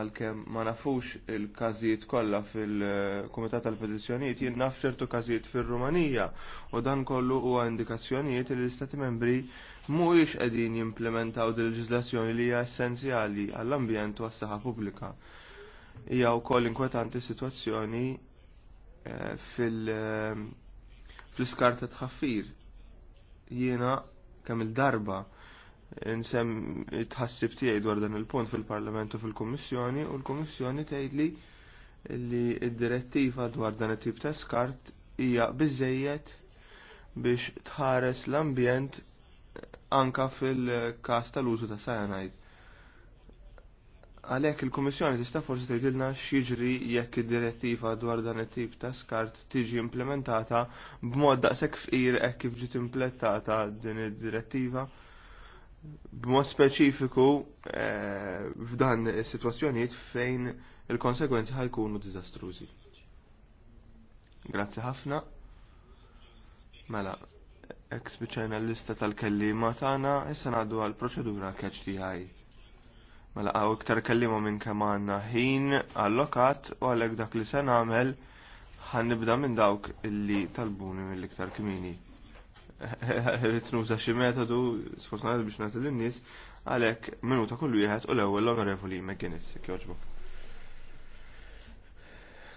għalkemm ma nafux il-każijiet kollha fil-Kumitat tal-Petizzjonijiet jien naf ċertu każijiet fir-Rumanija u dan kollu huwa indikazzjonijiet li l-Istati membri mhuwiex qegħdin jimplementaw din leġiżlazzjoni li hija essenzjali għall-ambjent u għas-saħħa pubblika. Hija wkoll inkwetanti sitwazzjoni eh, fil- eh, fl-iskar tħaffir. Jiena kemm il-darba nsem tħassib tiegħi dwar dan il-punt fil-Parlament u fil-Kummissjoni u l-Kummissjoni tgħidli li d-direttiva dwar dan it-tip ta' skart hija biżejjed biex tħares l-ambjent anke fil-każ tal-użu ta' cyanide. Għalhekk il-Kummissjoni tista' forsi tgħidilna x'jiġri jekk id-direttiva dwar dan it-tip ta' skart tiġi implementata b'mod daqshekk fqir hekk kif ġiet implettata din id-direttiva b'mod speċifiku eh, f'dan is-sitwazzjonijiet fejn il-konsekwenzi ħajkunu diżastrużi. Grazzi ħafna. Mela, ek spiċajna l-lista tal-kellima tagħna issa ngħaddu għall proċedura catch Mela għaw iktar kellima minn kemm għandna ħin allokat u għalhekk dak li se nagħmel ħannibda minn dawk illi talbuni mill-iktar kmini rritnuża xi metodu sfortunat biex nażel in-nies għalhekk minuta kull wieħed u l-ewwel l-Onorevoli McGuinness jogħġbok.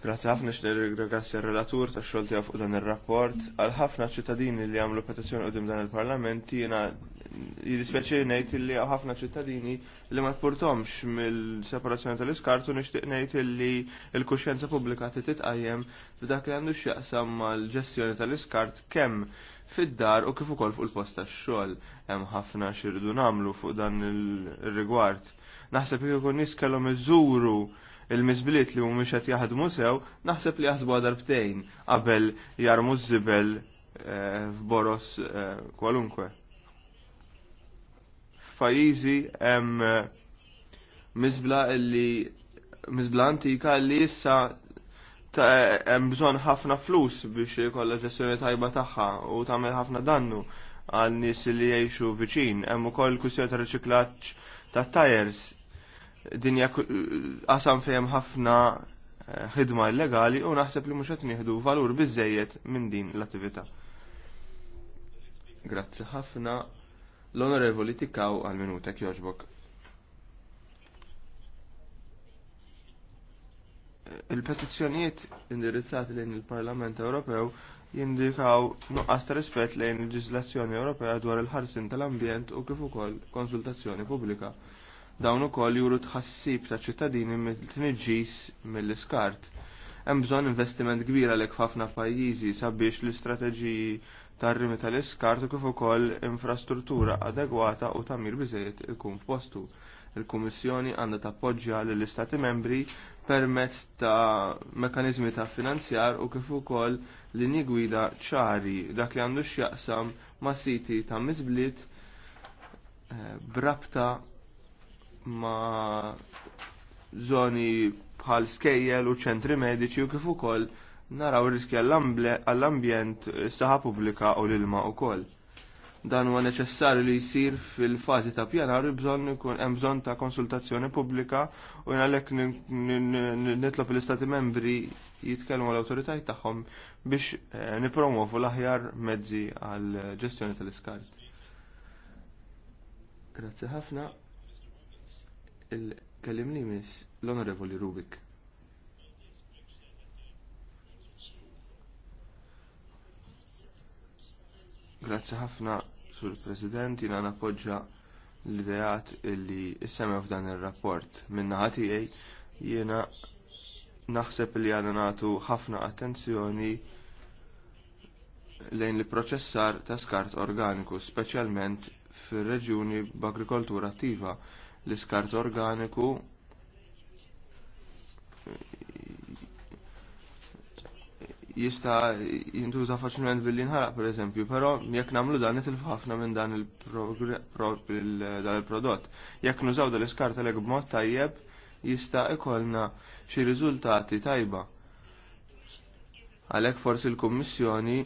Grazie ħafna x'nirringrazzja r-relatur ta' xogħol tiegħu fuq dan ir-rapport. Għal ħafna ċittadini li għamlu petizzjoni qudiem dan il-Parlament jiena jidispeċi ngħid li ħafna ċittadini li ma jpurtomx mill-separazzjoni tal-iskartu nixtieq ngħid li l-kuxjenza pubblika titqajjem f'dak li għandu x'jaqsam mal-ġestjoni tal-iskart kemm fid-dar u kif ukoll fuq il-post tax-xogħol hemm ħafna xirdu nagħmlu fuq dan ir-rigward. Naħseb li jkun nies kellhom iżuru il-mizbliet li mhumiex qed jaħdmu sew, naħseb li jaħsbu darbtejn qabel jarmu żibel eh, f'boros eh, kwalunkwe f'pajjiżi hemm eh, miżbla li miżbla antika li issa eh, hemm bżonn ħafna flus biex ikollha ġestjoni tajba tagħha u tagħmel ħafna dannu għal nies li jgħixu viċin. Hemm ukoll kwistjoni ta' riċiklaġġ ta' tajers. Dinja qasam fejn ħafna eh, ħidma illegali u naħseb li mhux qed nieħdu valur biżejjed minn din l-attività. Grazzi ħafna. L-onorevoli tikkaw għal minuta kjoġbok. Il-petizzjonijiet indirizzati lejn il-Parlament Ewropew jindikaw nuqqas ta' rispett lejn il-ġiżlazzjoni Ewropea dwar il-ħarsin tal-ambjent u kif ukoll konsultazzjoni pubblika. Dawn ukoll juru tħassib ta' ċittadini mit tniġġis mill-iskart. Hemm bżonn investiment kbira għalhekk ħafna pajjiżi sabiex l-istrateġiji tar-rimi tal u kif ukoll infrastruttura adegwata u tagħmir biżejjed ikun f'postu. Il-Kummissjoni għandha tappoġġja lill istati membri permezz ta' mekanizmi ta' finanzjar u kif ukoll linji gwida ċari dak li għandu x'jaqsam ma' siti ta' miżbliet eh, brabta ma' żoni bħal skejjel u ċentri mediċi u kif ukoll naraw riski għall-ambjent, is-saħħa pubblika u l-ilma wkoll. Dan huwa neċessarju li jsir fil-fażi ta' pjanar bżonn ikun hemm bżonn ta' konsultazzjoni pubblika u għalhekk nitlob l-Istati membri jitkellmu l-awtoritajiet tagħhom biex eh, nipromovu l-aħjar mezzi għall ġestjoni tal-iskart. Grazzi ħafna. Il-kellimni miss l-Onorevoli Rubik. Grazzi ħafna sur President, jina napoġġa l-ideat illi issemew f'dan ir-rapport. Minna tiegħi jiena naħseb li għadna nagħtu ħafna attenzjoni lejn li proċessar ta' skart organiku, speċjalment fir reġjuni b'agrikoltura attiva. L-iskart organiku jista jintuża faċilment billi nħaraq per eżempju, però jekk nagħmlu dan nitilfu ħafna minn dan il-prodott. Jekk nużaw dal iskart l b'mod tajjeb, jista ikollna xi riżultati tajba. Għalhekk forsi l-Kummissjoni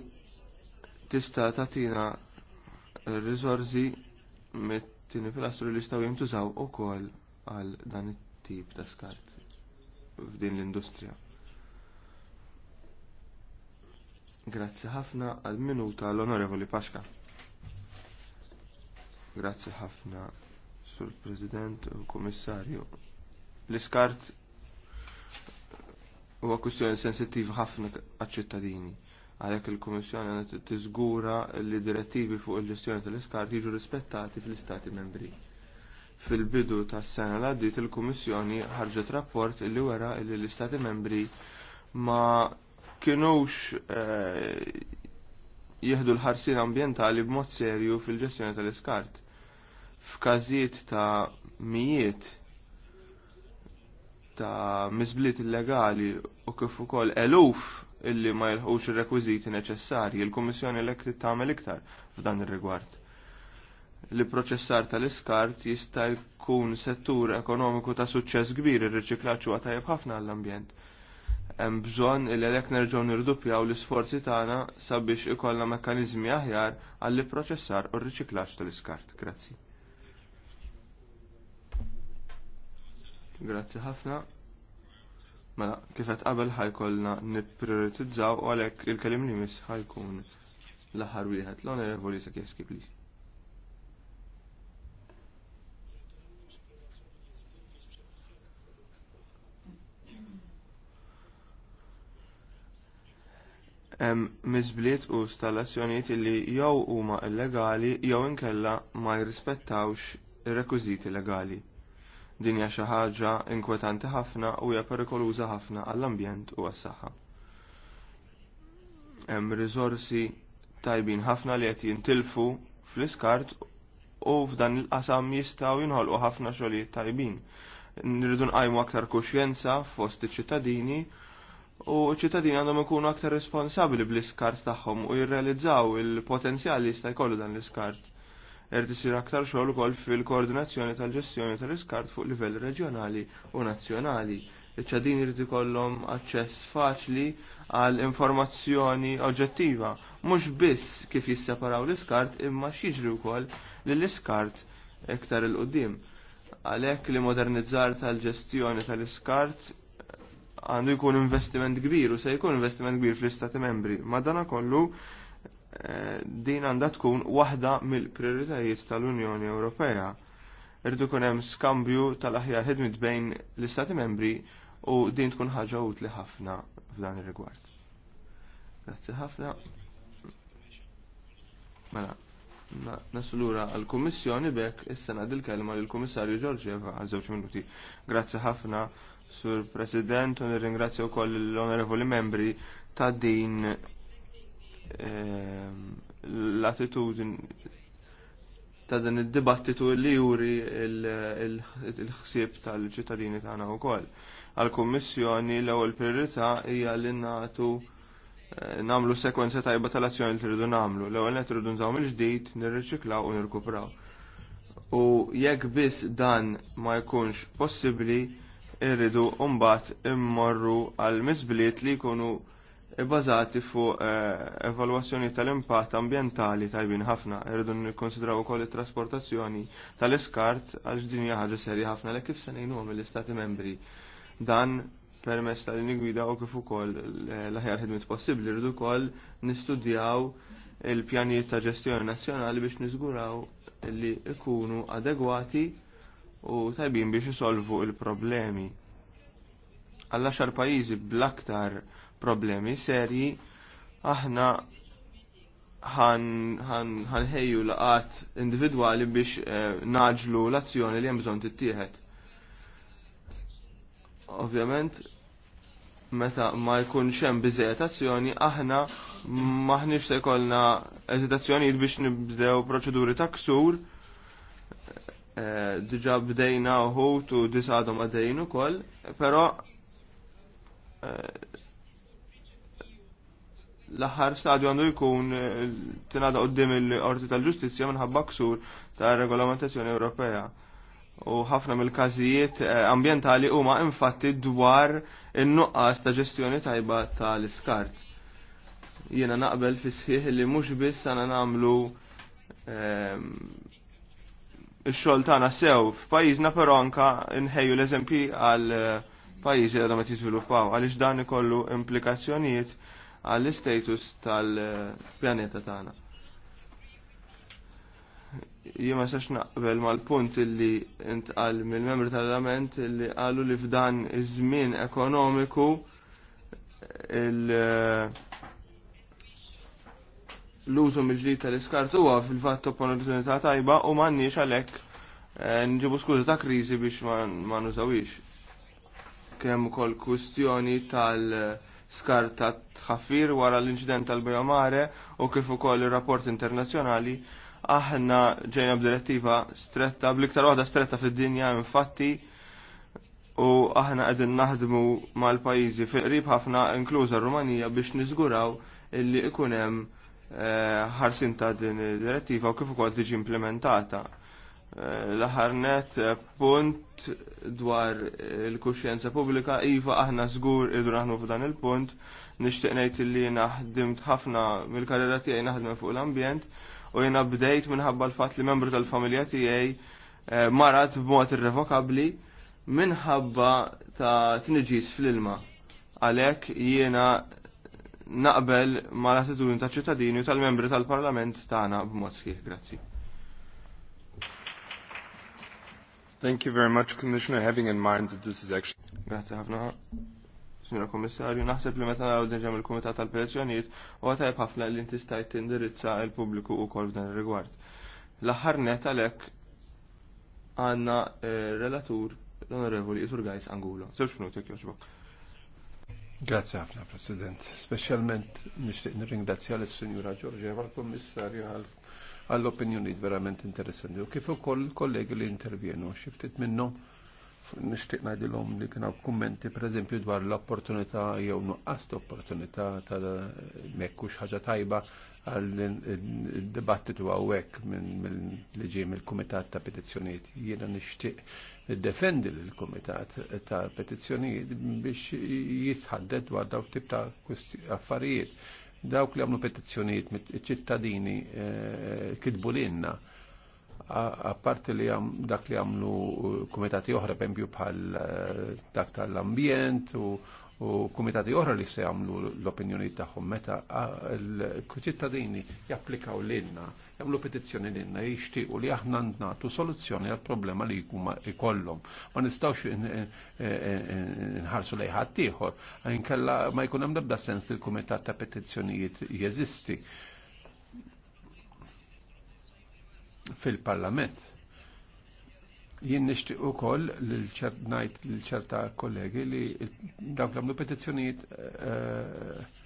tista' tagħtina riżorsi mit-tieni pilastru li jistgħu jintużaw ukoll għal dan it-tip ta' skart f'din l-industrija. Grazzi ħafna għal minuta l-Onorevoli Paxka. Grazzi ħafna sur President u Komissarju. L-iskart huwa kwistjoni sensittiv ħafna għaċ-ċittadini. Għalhekk il-Kummissjoni għandha tiżgura li direttivi fuq il-ġestjoni tal-iskart jiġu rispettati fl-Istati membri. Fil-bidu tas-sena l il-Kummissjoni ħarġet rapport li wera li l-Istati membri ma kienux eh, jieħdu l-ħarsin ambjentali b'mod serju fil-ġestjoni tal-iskart. F'każijiet ta' mijiet ta' miżbliet illegali u kif ukoll eluf illi ma jilħux ir-rekwiżiti neċessarji, il-Kummissjoni lek tagħmel iktar f'dan ir-rigward. Li proċessar tal-iskart jista' jkun settur ekonomiku ta' suċċess kbir ir-riċiklaġġ huwa tajjeb ħafna għall-ambjent hemm bżonn li għalhekk nerġgħu nirdupjaw l-isforzi tagħna sabiex ikollna mekkaniżmi aħjar għall proċessar u r-riċiklaġġ tal-iskart. Grazzi. Grazzi ħafna. Mela, kif qed qabel ħajkollna nipprioritizzaw u għalhekk il-kelim li miss ħajkun l-aħħar wieħed l-onorevoli Sakjeski, please. hemm miżbliet u installazzjonijiet li jew huma illegali jew inkella ma jirrispettawx ir-rekwiżiti legali. Din hija xi ħaġa inkwetanti ħafna u hija perikoluża ħafna għall-ambjent u għas-saħħa. Hemm riżorsi tajbin ħafna li qed jintilfu fl-iskart u f'dan il-qasam jistgħu jinħolqu ħafna xogħlijiet tajbin. Nridu nqajmu aktar kuxjenza fost iċ-ċittadini u ċittadini għandhom ikunu aktar responsabbli bl-iskart tagħhom u jirrealizzaw il-potenzjal li jista' jkollu dan l-iskart. Irid isir aktar xogħol ukoll fil-koordinazzjoni tal-ġestjoni tal-iskart fuq livell reġjonali u nazzjonali. Iċ-ċadini jrid ikollhom aċċess faċli għal informazzjoni oġġettiva, mhux biss kif jisseparaw l-iskart imma x'jiġri wkoll l iskart iktar il-qudiem. Għalhekk li modernizzar tal-ġestjoni tal-iskart għandu jkun investiment kbir u se jkun investiment kbir fl-istati membri. Madana kollu eh, din għandha tkun waħda mill-prioritajiet tal-Unjoni Ewropea. Irdu kun hemm skambju tal-aħjar ħidmit bejn l-istati membri u din tkun ħaġa utli ħafna f'dan ir-rigward. Grazzi ħafna. Mela, naslura għal-Kummissjoni bekk is-sena dil-kelma lill-Kummissarju Giorgieva għal żewġ minuti. Grazzi ħafna Sur President, un ringrazio wkoll l-onorevoli membri ta' din ehm, l-attitudin ta' din id-dibattitu li juri il-ħsieb tal-ċittadini tagħna wkoll. Għal-Kummissjoni l-ewwel priorità hija li nagħtu eh, namlu sekwenza tajba tal-azzjoni li tridu namlu. L-ewwel ridu tridu nżaw mill-ġdid, nirriċiklaw u nirkupraw. U jekk biss dan ma jkunx possibbli, irridu mbagħad immorru għal misbliet li jkunu bbażati fuq eh, evalwazzjoni tal-impatt ambjentali tajbin ħafna. Irridu nikkonsidraw ukoll it-trasportazzjoni tal-iskart għal din hija ħaġa serja ħafna li kif se ngħinuhom mill-Istati Membri. Dan permess tal-inigwida u kif ukoll eh, l-aħjar ħidmit possibbli rridu wkoll nistudjaw il-pjanijiet ta' ġestjoni nazzjonali biex niżguraw li ikunu adegwati u tajbin biex isolvu l problemi Għalla xar pajizi bl-aktar problemi serji, aħna ħanħejju laqat individwali biex eh, naġlu l-azzjoni li hemm bżonn tittieħed. Ovvjament, meta ma jkunx hemm biżejjed azzjoni, aħna maħniex se jkollna eżitazzjonijiet biex nibdew proċeduri ta' ksur Eh, diġa bdejna uħut u disadom għadejnu kol, pero eh, l-aħħar stadju għandu jkun eh, tinada għoddim il-Qorti tal-Ġustizzja minħabba ksur ta' regolamentazzjoni Ewropea. U ħafna mill-każijiet ambjentali huma infatti dwar in-nuqqas ta' ġestjoni tajba tal-iskart. Jiena naqbel fis-sħiħ li mhux biss għana nagħmlu ehm, il-xogħol tagħna sew f'pajjiżna però anka nħejju l-eżempji għal eh, pajjiżi li għadhom qed jiżviluppaw għaliex dan ikollu implikazzjonijiet għall istatus tal-pjaneta tagħna. Jien ma sax naqbel mal-punt illi intqal mill-membri tal lament illi qalu li f'dan iż-żmien ekonomiku il- uh, l-użu mill-ġdid tal-iskart għaf fil-fatt opportunità tajba u m'għandniex għalhekk eh, nġibu skuża ta' kriżi biex ma nużawix. Kemm ukoll kustjoni tal skarta ta' tħaffir wara l-inċident tal bejomare u kif ukoll ir-rapport internazzjonali aħna ġejna b'direttiva stretta, bliktar waħda stretta fid-dinja infatti u aħna qegħdin naħdmu mal-pajjiżi fil-qrib ħafna inkluża Rumanija biex niżguraw illi ikun hemm Eh, ħarsin ta' din id-direttiva u kif ukoll tiġi implementata. Eh, l-aħħar net eh, punt dwar il-kuxjenza pubblika iva aħna żgur idu naħnu f'dan il-punt nixtieq ngħid li naħdimt ħafna mill-karriera tiegħi naħdem fuq l-ambjent u jiena bdejt minħabba l-fatt li membru tal-familja tiegħi marat b'mod irrevokabbli minħabba ta' tniġis fl-ilma. Għalhekk jiena naqbel ma l-attitudni ta' ċittadini u tal-membri tal-Parlament tagħna b'mod sħiħ. Grazzi. Thank you very much, Commissioner, having in mind that this is actually... Grazie ħafna. Signora Kommissarju, naħseb li meta naraw dinġem il-Kumitat tal-Pensjonijiet u għatajb ħafna li tistaj tindirizza il-pubbliku u kol f'dan il-rigward. L-aħħar net għalhekk għandna eh, relatur l-Onorevoli Iturgajs Angulo. Żewġ minuti jogħġbok. Grazie ħafna, President. Specialment nishtiq nirringrazzja l signora Giorgeva, l-Kommissarju għall-opinjoni verament interessanti u kif ukoll kollegi li intervjenu, xiftit minnhom nishtiq ngħidilhom li kien kummenti per pereżempju dwar l-opportunità jew nuqqas opportunità ta' mekkux ħaġa tajba għal dibattitu għawek minn li ġej mill-Kumitat ta' Petizzjonijiet. Jiena nixtieq defendi l-Kumitat ta' Petizzjonijiet biex jitħaddet dwar dawk tip ta' affarijiet. Dawk li għamlu petizzjonijiet mit-ċittadini eh, kitbulinna apparti li għam dak li għamlu uh, komitati oħra pempju bħal uh, dak tal-ambjent u u kumitati oħra li se jagħmlu l-opinjoni tagħhom meta l-ċittadini japplikaw lilna, jagħmlu petizzjoni lilna jixtiequ li aħna tu soluzzjoni għal problema li jkuma ikollhom. Ma nistgħux nħarsu lejn ħadd ieħor, inkella ma jkun hemm nebda sens li l ta' petizzjonijiet jeżisti. fil-parlament. Jien nixtieq ukoll l ċertnajt l-ċerta kollegi li dawk l-għamlu petizzjonijiet eh,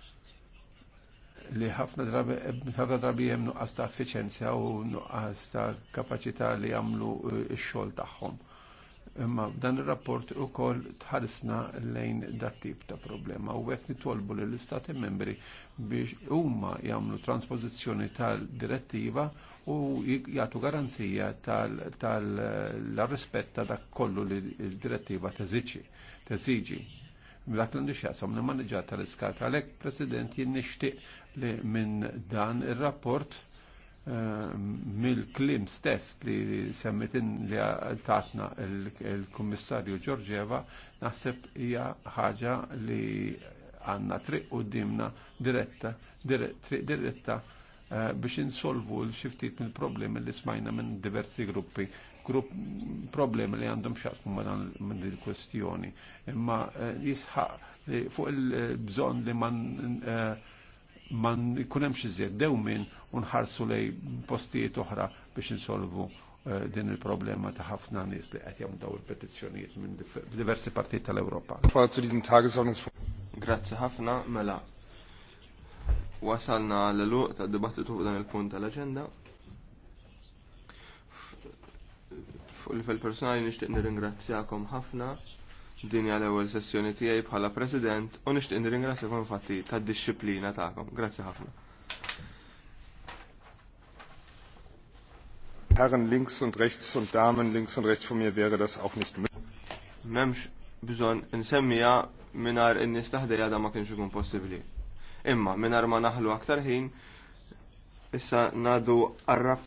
li ħafna drabi ħafna drabi hemm nuqqas ta' effiċenzja u nuqqas ta' kapaċità li għamlu eh, x-xogħol tagħhom. Imma dan ir-rapport ukoll tħarisna lejn dat tip ta' problema u hekk nitolbu lill istati membri biex huma jagħmlu transpożizzjoni tal-direttiva u jagħtu garanzija tal-rispett ta' dak kollu li d-direttiva teżiġi. Teżiġi. Dak l xjasam li maniġa tal-iskat għalhekk President jien li minn dan ir-rapport mill-klim stess li semmitin li tatna il-Kummissarju Giorgieva naħseb hija ħaġa li għanna triq dimna diretta, diretta eh, biex insolvu l-xiftit mill-problemi li smajna minn diversi gruppi grupp problemi li għandhom xaqsmu ma dan minn il-kwestjoni. Imma eh, jisħaq fuq il-bżon li man eh, man kunemx iżjed dew minn unħarsu lej postijiet oħra biex insolvu eh, din il-problema ta' ħafna nies li qed daw il-petizzjonijiet minn diversi partijiet tal europa Grazzi ħafna, mela. Wasalna l-luq ta' dibattitu fuq dan il-punt tal-aġenda. Fuq il personali nixtieq nirringrazzjakom ħafna. Din hija l-ewwel sessjoni tiegħi bħala President u nixtieq nirringrazzjakom fatti tad-dixxilpina tagħkom. Grazzi ħafna. Herren links und rechts und Damen links und rechts von mir wäre das auch nicht möglich. Memx bżon minar in-nies taħdejja da ma kienx ikun possibbli. Imma minar ma naħlu aktar ħin issa nadu arraf.